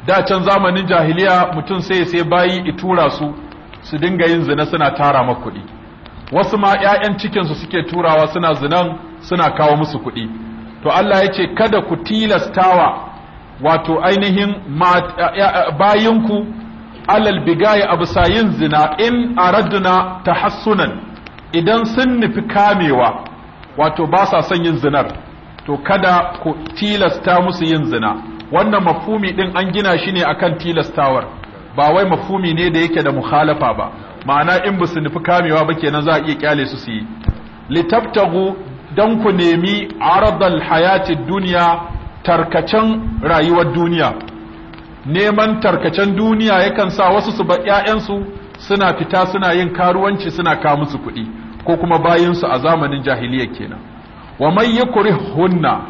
da can zamanin jahiliya mutum sai sai bayi itura su su dinga yin zina suna tara makuɗi. kuɗi wasu ma 'ya'yan su suke turawa suna zinan suna kawo musu kuɗi to Allah yace, kada ku tilastawa wato ainihin bayinku alal bigaya abu sayin zina in ta hasunan idan sun nufi kamewa wato ba sa son yin zinar to kada ku tilasta musu yin zina wannan mafumi din an gina shi ne akan tilastawar ba wai mafumi ne da yake da muhalafa ba ma'ana in ba su nufi kamewa ba kenan za a iya kyale su su yi litabtagu don ku nemi aradal hayati duniya tarkacen rayuwar duniya neman tarkacen duniya yakan sa wasu su ba ƴaƴansu suna fita suna yin karuwanci suna kawo musu kuɗi ko kuma bayansu a zamanin jahiliya kenan wa man hunna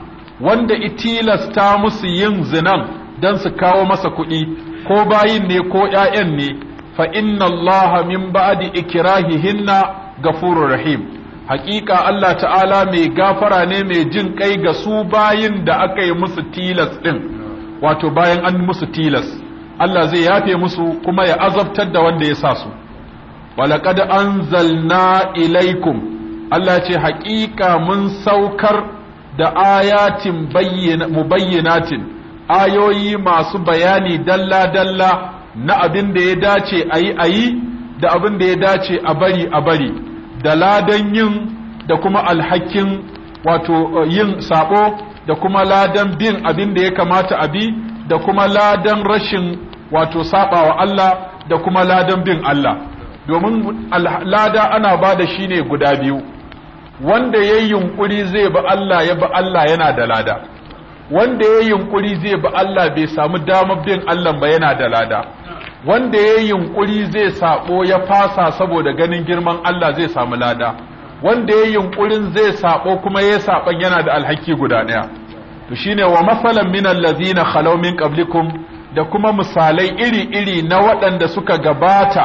wanda itilasta musu yin zinan dan su kawo masa kuɗi ko bayin ne ko ƴaƴan ne fa inna allaha min ba'di ikrahihinna gafurur rahim Haƙiƙa Allah ta'ala mai gafara ne mai jin kai ga su bayin da aka yi musu tilas din wato bayan an musu tilas Allah zai yafe musu kuma ya azabtar da wanda ya sa su walaqad anzalna ilaikum Allah ce haƙiƙa mun saukar da ayatin mubayyinatin ayoyi masu bayani dalla dalla na abin da ya dace ayi ayi da abin da ya dace a bari a bari da ladan yin da kuma alhakin wato eh, yin sabo da kuma ladan bin abin da ya kamata a bi da kuma ladan rashin wato saba wa Allah da kuma ladan bin Allah domin lada ana ba da shi ne guda biyu wanda ya yi yunkuri zai bi Allah ya bi Allah yana da lada wanda ya yi yunkuri zai bi Allah bai samu damar bin Allah ba yana da lada wanda ya yi yunkuri zai sabo ya fasa saboda ganin girman Allah zai samu lada wanda ya yunkurin zai sabo kuma ya saban yana da alhaki guda daya to shine wa masalan min allazina khalaw min qablikum da kuma misalai iri-iri na waɗanda suka gabata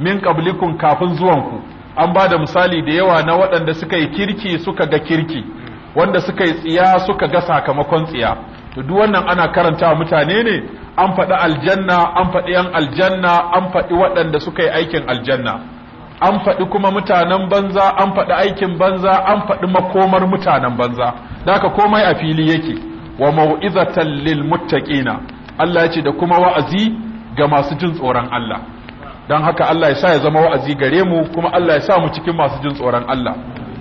min qablikum kafin ku an bada misali da yawa na waɗanda suka yi kirki suka ga kirki wanda suka yi tsiya suka ga sakamakon tsiya to duk wannan ana karanta mutane ne an faɗi aljanna an faɗi yan aljanna an faɗi waɗanda suka yi aikin aljanna an faɗi kuma mutanen banza an faɗi aikin banza an faɗi makomar mutanen banza da aka komai a fili yake wa mau'izatan lil muttaqina Allah ya ce da kuma wa'azi ga masu jin tsoron Allah don haka Allah ya sa ya zama wa'azi gare mu kuma Allah ya sa mu cikin masu jin tsoron Allah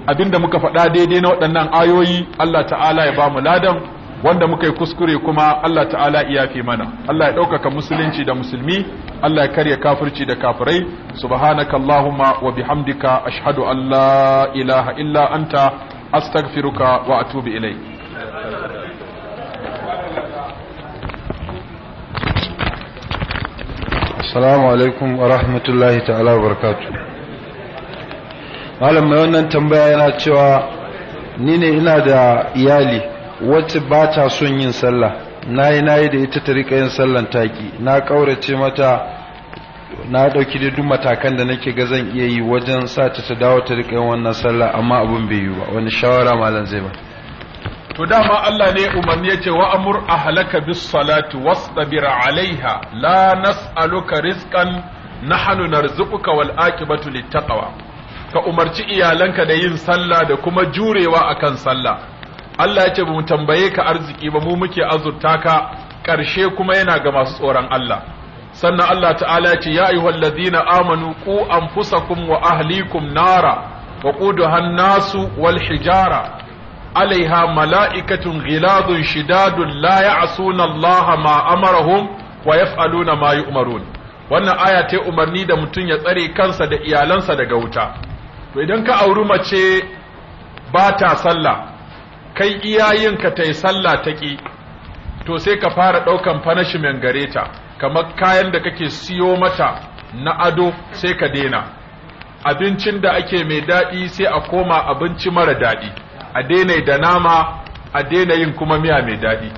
abinda muka faɗa daidai na waɗannan ayoyi Allah ta'ala ya ba mu ladan wanda muka yi kuskure kuma Allah ta'ala iya fi mana Allah ya ɗaukaka musulunci da musulmi Allah ya karya kafirci da kafirai subhanaka allahumma wa bihamdika ashhadu an la ilaha illa anta astaghfiruka wa atubu ilayk assalamu alaikum wa rahmatullahi ta'ala wa barakatuh malam mai wannan tambaya yana cewa ni ne ina da iyali wacce ba ta son yin sallah na yi na yi da ita ta riƙa yin sallan taƙi na ƙaurace mata na ɗauki da duk matakan da nake ga zan iya yi wajen sa ta ta dawo ta riƙa yin wannan sallah amma abin bai yi ba wani shawara malam zai ba to dama Allah ne umarni yace wa amur ahlaka bis salati wasbir alaiha la nas'aluka rizqan nahnu narzuquka wal aqibatu littaqwa ka umarci iyalanka da yin sallah da kuma jurewa akan sallah Allah ya ce ba mu tambaye ka arziki ba mu muke azurta ka ƙarshe kuma yana ga masu tsoron Allah sannan Allah ta'ala ya ce ya ayyuhal ladina amanu qu anfusakum wa ahlikum nara wa quduha nasu wal hijara alaiha mala'ikatun ghiladun shidadun la ya'suna Allah ma amarahum wa yaf'aluna ma yu'marun wannan aya ta umarni da mutum ya tsare kansa da iyalansa daga wuta to idan ka auri mace ba ta sallah kai iyayenka ta yi sallah ta ƙi to sai ka fara ɗaukan punishment gare ta kamar kayan da kake siyo mata na ado sai ka daina abincin da ake mai daɗi sai a koma abinci mara daɗi a daina da nama a daina yin kuma miya mai daɗi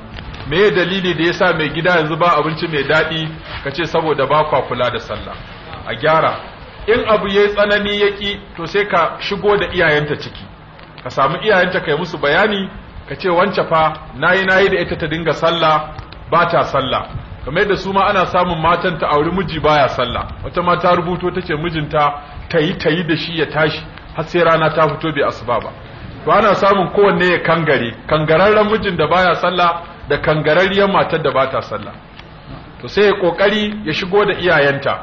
me dalili da yasa mai gida yanzu ba abinci mai daɗi ka ce saboda ba kwa kula da sallah a gyara in abu ya yi tsanani yaƙi to sai ka shigo da iyayenta ciki ka samu iyayenta kai musu bayani ka ce wance fa nayi nayi da ita ta dinga sallah ba ta sallah kamar da su ma ana samun matan ta auri miji baya sallah wata mata rubuto tace mijinta tayi tayi da shi ya tashi har sai rana ta fito bai asuba ba to ana samun kowanne ya kangare kangararren mijin da baya sallah da kangararriyar matar da ba ta sallah to sai ya kokari ya shigo da iyayenta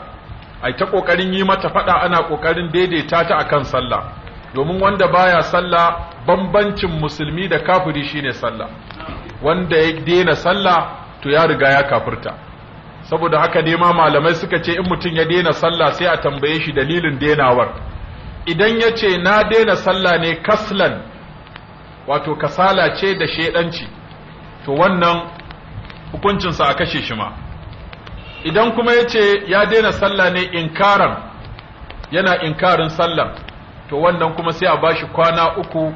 ai ta kokarin yi mata fada ana kokarin daidaita ta akan sallah domin wanda baya sallah bambancin musulmi da kafiri shine sallah wanda ya daina sallah to ya riga ya kafirta saboda haka ne ma malamai suka ce in mutum ya daina sallah sai a tambaye shi dalilin dainawar idan ya ce na daina sallah ne kaslan wato kasala ce da shedanci to wannan hukuncinsa a kashe shi ma idan kuma ya ce ya daina sallah ne inkaran yana inkarin sallah to wannan kuma sai a bashi kwana uku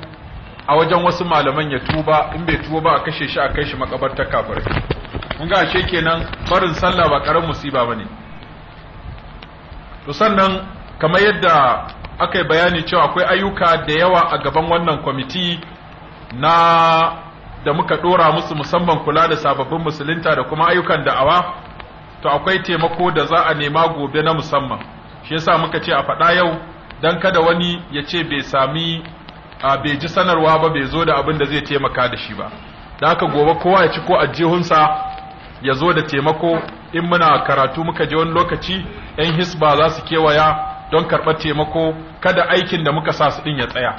a wajen wasu malaman ya tuba in bai tuba ba a kashe shi a kai shi makabartar kafirai mun ga ashe kenan barin sallah ba karamin musiba bane to sannan kamar yadda aka yi bayani cewa akwai ayyuka da yawa a gaban wannan kwamiti na da muka dora musu musamman kula da sababbin musulunta da kuma ayyukan da'awa to akwai taimako da za a nema gobe na musamman shi yasa muka ce a faɗa yau don kada wani ya ce bai sami a bai ji sanarwa ba bai zo da abin da zai taimaka da shi ba da haka gobe kowa ya ci ko a ajihunsa ya zo da taimako in muna karatu muka je wani lokaci yan hisba za su kewaya don karɓar taimako kada aikin da muka sa su ɗin ya tsaya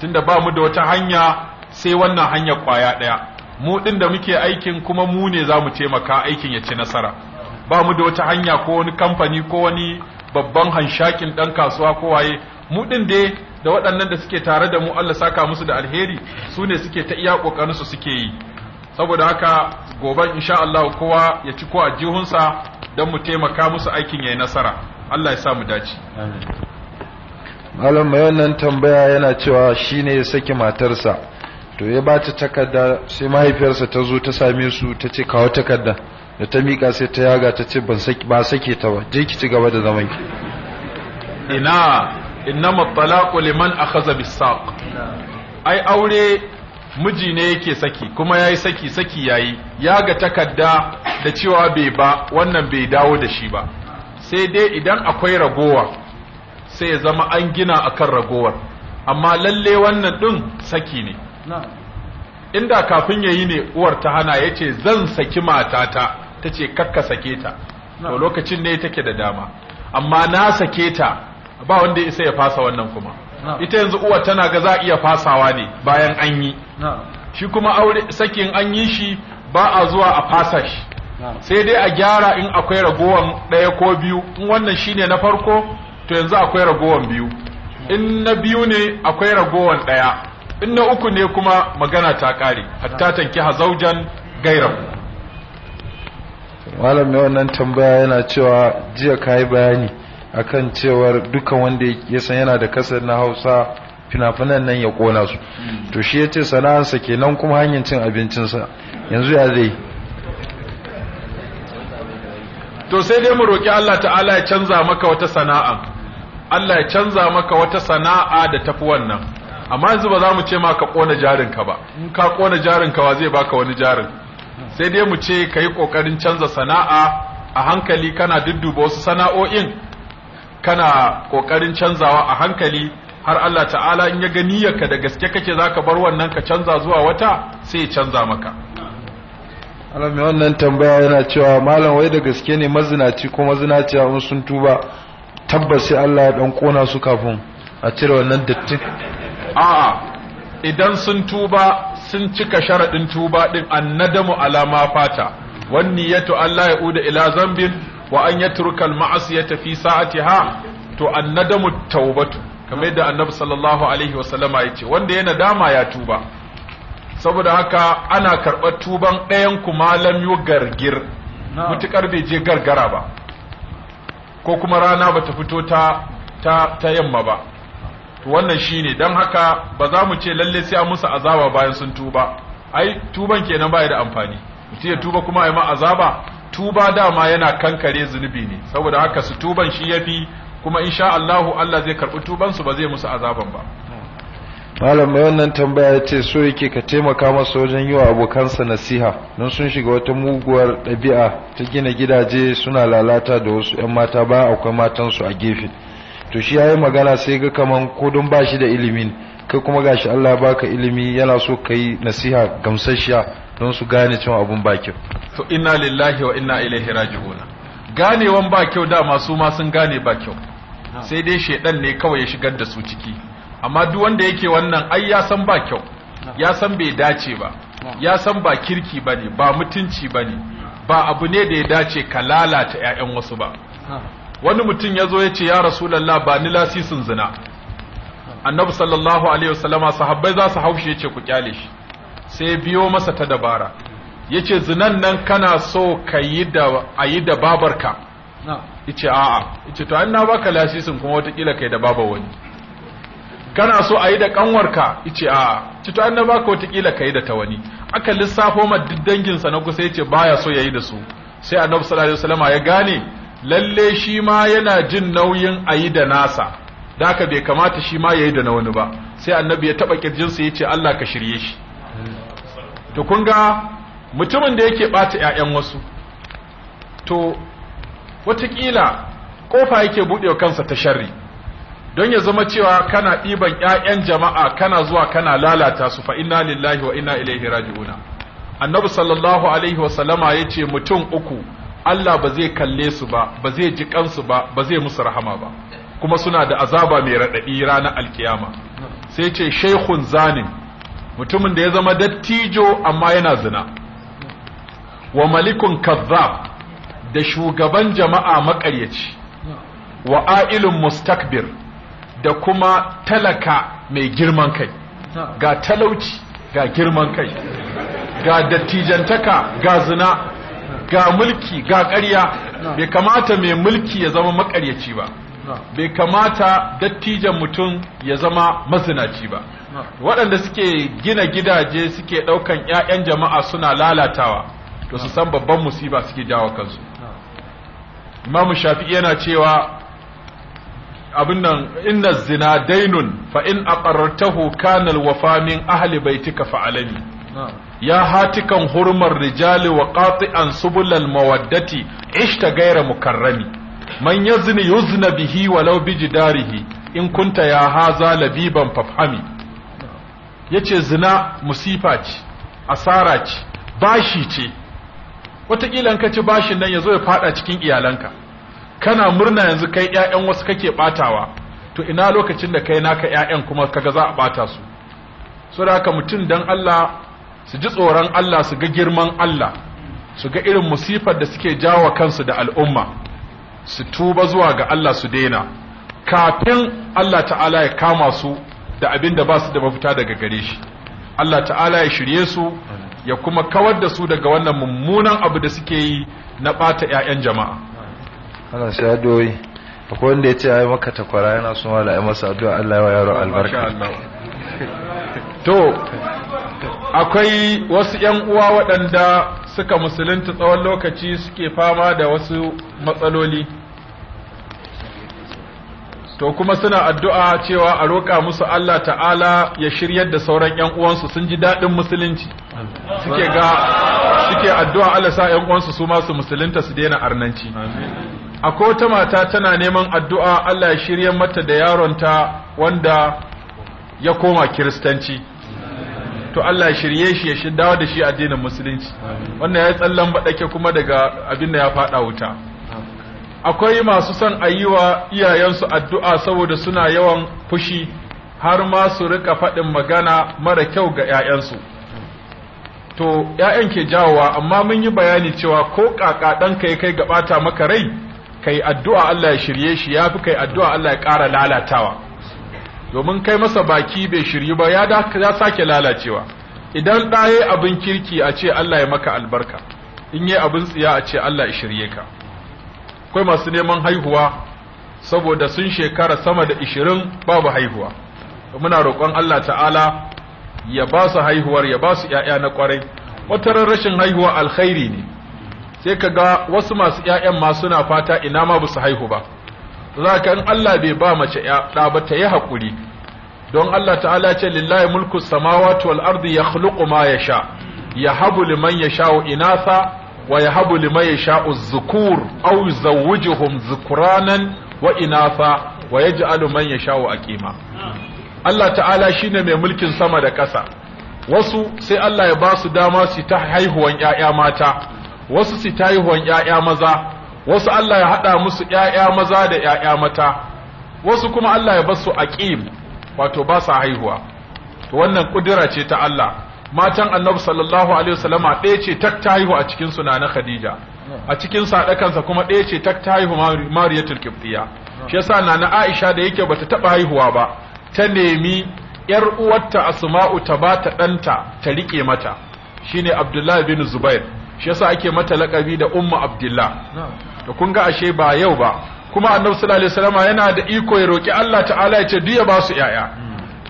tunda ba mu da wata hanya sai wannan hanyar kwaya ɗaya mu ɗin da muke aikin kuma mu ne za mu taimaka aikin ya ci nasara ba mu da wata hanya ko wani kamfani ko wani babban hanshakin ɗan kasuwa ko waye mu ɗin dai da waɗannan da suke tare da mu Allah saka musu da alheri su ne suke ta iya kokarin su suke yi saboda haka goban insha Allah kowa ya ci ko a jihunsa don mu taimaka musu aikin yayi nasara Allah ya sa mu dace amin malam mai wannan tambaya yana cewa shi ne ya saki matarsa to ya ba ta takarda sai mahaifiyarsa ta zo ta same su ta ce kawo takarda da ta miƙa sai ta yaga ta ce ban saki ba sake ta ba je ki ci gaba da zaman ki ina innama talaqu liman akhadha bisaq ai aure miji ne yake saki kuma yayi saki saki yayi yaga ga takarda da cewa bai ba wannan bai dawo da shi ba sai dai idan akwai ragowa sai ya zama an gina akan ragowar amma lalle wannan din saki ne inda kafin yayi ne uwar ta hana yace zan saki matata ta ce kakka sake ta to lokacin ne take da dama amma na sake ta ba wanda ya isa ya fasa wannan kuma ita yanzu uwa tana ga za a iya fasawa ne bayan an yi shi kuma aure sakin an yi shi ba a zuwa a fasa shi sai dai a gyara in akwai ragowan ɗaya ko biyu in wannan shine na farko to yanzu akwai ragowan biyu in na biyu ne akwai ragowan ɗaya in na uku ne kuma magana ta ƙare hatta tanki hazaujan gairahu malam mai wannan tambaya yana cewa jiya ka yi bayani akan cewar dukan wanda ya san yana da kasar na hausa fina-finan nan ya kona su to shi ya ce sana'arsa nan kuma hanyar cin abincinsa yanzu ya zai to sai dai mu roƙi Allah ta'ala ya canza maka wata sana'a Allah ya canza maka wata sana'a da tafi wannan amma yanzu ba za mu ce maka ka kona jarinka ba in ka kona jarinka wa zai baka wani jarin sai dai mu ce ka yi ƙoƙarin canza sana'a a hankali kana dudduba wasu sana'o'in kana ƙoƙarin canzawa a hankali har Allah ta'ala in ya gani yaka da gaske kake za ka bar wannan ka canza zuwa wata sai ya canza maka alamai wannan tambaya yana cewa malam wai da gaske ne mazinaci ko mazinaci a sun tuba tabbas sai Allah ya dan kona su kafin a cire wannan dattin a'a idan sun tuba sun cika sharaɗin tuba ɗin annadamu ala ma fata wan niyatu Allah ya uda ila zambin wa an yatruka ya tafi fi sa'atiha to annadamu taubatu kamar yadda annabi sallallahu alaihi wa sallama yace wanda ya nadama ya tuba saboda haka ana karɓar tuban ɗayan ku malam yu gargir mutukar bai je gargara ba ko kuma rana bata fito ta ta yamma ba to wannan shine dan haka ba za mu ce lalle sai an musu azaba bayan sun tuba ai tuban kenan bai da amfani mutum ya tuba kuma ai ma azaba tuba dama yana kankare zunubi ne saboda haka su tuban shi yafi kuma insha Allah Allah zai karbi tuban su ba zai musu azaban ba malam mai wannan tambaya ya ce so yake ka taimaka masa wajen yi wa abokansa nasiha don sun shiga wata muguwar ɗabi'a ta gina gidaje suna lalata da wasu 'yan mata ba akwai matansu a gefe to shi yayi magana sai ga kaman ko don shi da ilimin kai kuma gashi Allah ya baka ilimi yana so kai nasiha gamsasshiya don su gane cewa abun ba kyau to inna lillahi wa inna ilaihi raji'un ganewan ba kyau da masu ma sun gane ba kyau sai dai shedan ne kawai ya shigar da su ciki amma duk wanda yake wannan ai ya san ba kyau ya san bai dace ba ya san ba kirki bane ba mutunci bane ba abu ne da ya dace ka lalata ƴaƴan wasu ba wani mutum ya zo ya ce ya rasulallah ba ni lasisin zina annabi sallallahu alaihi wasallama sahabbai za su haushe ya ce ku kyale shi sai biyo masa ta dabara ya ce zinan nan kana so ka yi da a yi da babarka ya ce a'a ya ce to an na baka lasisin kuma watakila ka yi da babar wani kana so a yi da kanwarka ya ce a'a ya ce to an na baka watakila ka yi da ta wani aka lissafo ma duk danginsa na kusa ya ce baya so ya yi da su sai annabi sallallahu alaihi wasallama ya gane lalle shi ma yana jin nauyin a yi da nasa da ka bai kamata shi ma ya yi da na wani ba sai annabi ya taɓa ƙirjinsa ya ce Allah ka shirye shi to kun ga mutumin da yake ɓata 'ya'yan wasu to watakila ƙofa yake buɗe kansa ta sharri don ya zama cewa kana ɗiban 'ya'yan jama'a kana zuwa kana lalata su fa inna lillahi wa inna ilaihi raji'una annabi sallallahu alaihi wa sallama yace mutum uku Allah ba zai kalle su ba ba zai ji kansu ba ba zai musu rahama ba kuma suna da azaba mai raɗaɗi ranar alkiyama sai ce shaikhun zanin mutumin da ya zama dattijo amma yana zina wa malikun kazzab da shugaban jama'a maƙaryaci wa ailun mustakbir da kuma talaka mai girman kai ga talauci ga girman kai ga dattijantaka ga zina ga mulki ga ƙarya bai kamata mai mulki ya zama makaryaci ba bai kamata dattijan mutum ya zama mazinaci ba waɗanda suke gina gidaje suke ɗaukan 'ya'yan jama'a suna lalatawa to su san babban musiba suke jawo kansu imamu shafi'i yana cewa abin nan inna zina dainun fa in aqarratahu kana alwafa min ahli baitika fa alani ya hatikan hurmar rijali wa qati'an subulal mawaddati ishta gaira mukarrami man yazni yuzna bihi walau bijidarihi in kunta ya haza labiban fafhami yace zina musifa ce asara ce bashi ce wataƙila in ka ci bashin nan ya zo ya faɗa cikin iyalanka kana murna yanzu kai ƴaƴan wasu kake ɓatawa. to ina lokacin da kai naka ƴaƴan kuma kaga za a ɓata su saboda haka mutum dan Allah su ji tsoron Allah su ga girman Allah su ga irin musifar da suke jawo kansu da al'umma su tuba zuwa ga Allah su daina kafin Allah ta'ala ya kama su da abin da ba su da mafita daga gare shi Allah ta'ala ya shirye su ya kuma kawar da su daga wannan mummunan abu da suke yi na ɓata 'ya'yan jama'a ana shadoyi akwai wanda ya ce ya yi maka takwara yana son da ya masa addu'a Allah ya yaro albarka to akwai wasu ‘yan uwa waɗanda suka musulunta tsawon lokaci suke fama da wasu matsaloli to kuma suna addu'a cewa a roƙa musu Allah ta'ala ya shiryar da sauran ‘yan uwansu sun ji daɗin musulunci suke ga suke addu'a Allah sa ‘yan uwansu su masu musulunta su daina arnanci akwai wata mata tana neman addu'a Allah ya shiryar mata da yaronta wanda ya koma kiristanci to Allah ya shirye shi ya shiddawa da shi addinin musulunci wannan ya tsallan baɗake kuma daga abin da ya faɗa wuta akwai masu son a yi wa iyayensu addu'a saboda suna yawan fushi har ma su rika faɗin magana mara kyau ga ‘ya'yansu to ‘ya'yan ke jawowa amma mun yi bayani cewa ko ƙaƙa ɗanka ya kai ga ɓata maka rai kai addu'a Allah ya shirye shi ya fi kai addu'a Allah ya ƙara lalatawa domin kai masa baki bai shiryu ba ya da ya sake lalacewa idan ɗaye abin kirki a ce Allah ya maka albarka in yi abin tsiya a ce Allah ya shirye ka akwai masu neman haihuwa saboda sun shekara sama da ishirin babu haihuwa muna roƙon Allah ta'ala ya ba su haihuwar ya ba su ‘ya'ya na ƙwarai wata rashin haihuwa alkhairi ne sai ka ga wasu masu ‘ya'yan ma suna fata ina ma ba su haihu ba zaka in Allah bai ba mace ɗa ba ta yi haƙuri don Allah ta'ala ya ce lillahi mulku samawati wal ardi yakhluqu ma yasha yahabu liman yasha'u inasa, wa yahabu liman yasha'u zukur aw yuzawwijuhum zukuranan wa inasa wa yaj'alu man yasha'u aqima Allah ta'ala shine mai mulkin sama da ƙasa wasu sai Allah ya ba su dama su ta haihuwan ƴaƴa mata wasu su ta haihuwan ƴaƴa maza wasu Allah ya haɗa musu ‘ya'ya maza da ‘ya'ya mata wasu kuma Allah ya basu aqim wato ba sa haihuwa to wannan ƙudura ce ta Allah matan annabi sallallahu alaihi wasallama ɗaya ce tak ta haihu a cikin suna na khadija a cikin saɗakansa kuma ɗaya ce tak ta haihu mariyatul kibtiya shi yasa nana aisha da yake bata taɓa haihuwa ba ta nemi yar uwarta asma'u ta ba ta ɗanta ta riƙe mata shine abdullahi bin zubair shi yasa ake mata laƙabi da ummu abdullah Da kun ga ashe ba yau ba kuma annabi sallallahu alaihi wasallam yana da iko ya roki Allah ta'ala ya ce duk ya ba su yaya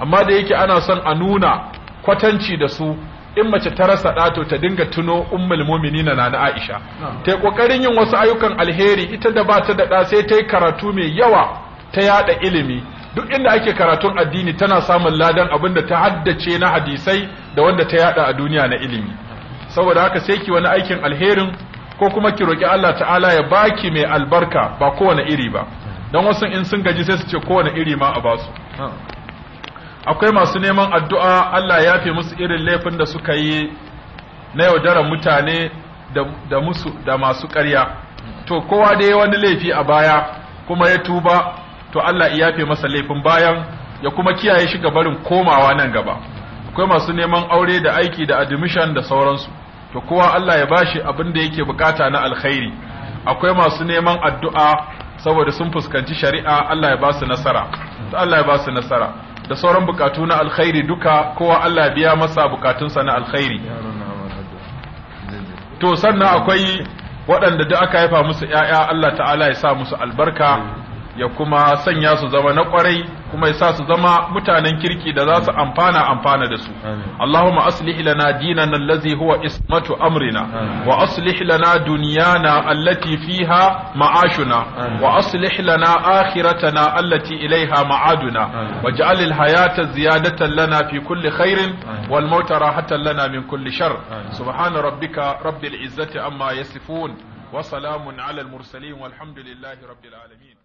amma da yake ana son a nuna kwatanci da su in mace ta rasa ɗato ta dinga tuno ummul mu'minina na na Aisha ta kokarin yin wasu ayyukan alheri ita da ba ta da ɗa sai ta yi karatu mai yawa ta yada ilimi duk inda ake karatun addini tana samun ladan abin da ta haddace na hadisai da wanda ta yada a duniya na ilimi saboda haka sai ki wani aikin alherin ko kuma ki roki Allah ta'ala ya baki mai albarka ba kowane iri ba don wasu in sun gaji sai su ce kowane iri ma a basu akwai masu neman addu'a Allah ya fi musu irin laifin da suka yi na yaudarar mutane da musu da masu ƙarya to kowa da ya wani laifi a baya kuma ya tuba to Allah ya fi masa laifin bayan ya kuma kiyaye shi ga barin komawa nan gaba akwai masu neman aure da aiki da admission da sauransu to kowa Allah ya bashi abin da yake bukata na alkhairi akwai masu neman addu'a saboda sun fuskanci shari'a Allah ya basu nasara to Allah ya basu nasara da sauran bukatu na alkhairi duka kowa Allah ya biya masa bukatunsa na alkhairi to sannan akwai waɗanda duk aka haifa musu ƴaƴa Allah ta'ala ya sa musu albarka ya kuma sanya su zama na kwarai kuma ya sa su zama mutanen kirki da za su amfana amfana da su Allahumma aslih lana dinan allazi huwa ismatu amrina wa aslih lana dunyana allati fiha ma'ashuna wa aslih lana akhiratana allati ilaiha ma'aduna waj'al al-hayata ziyadatan lana fi kulli khairin wal mauta rahatan lana min kulli shar subhana rabbika rabbil izzati amma yasifun wa salamun ala al-mursalin walhamdulillahi rabbil alamin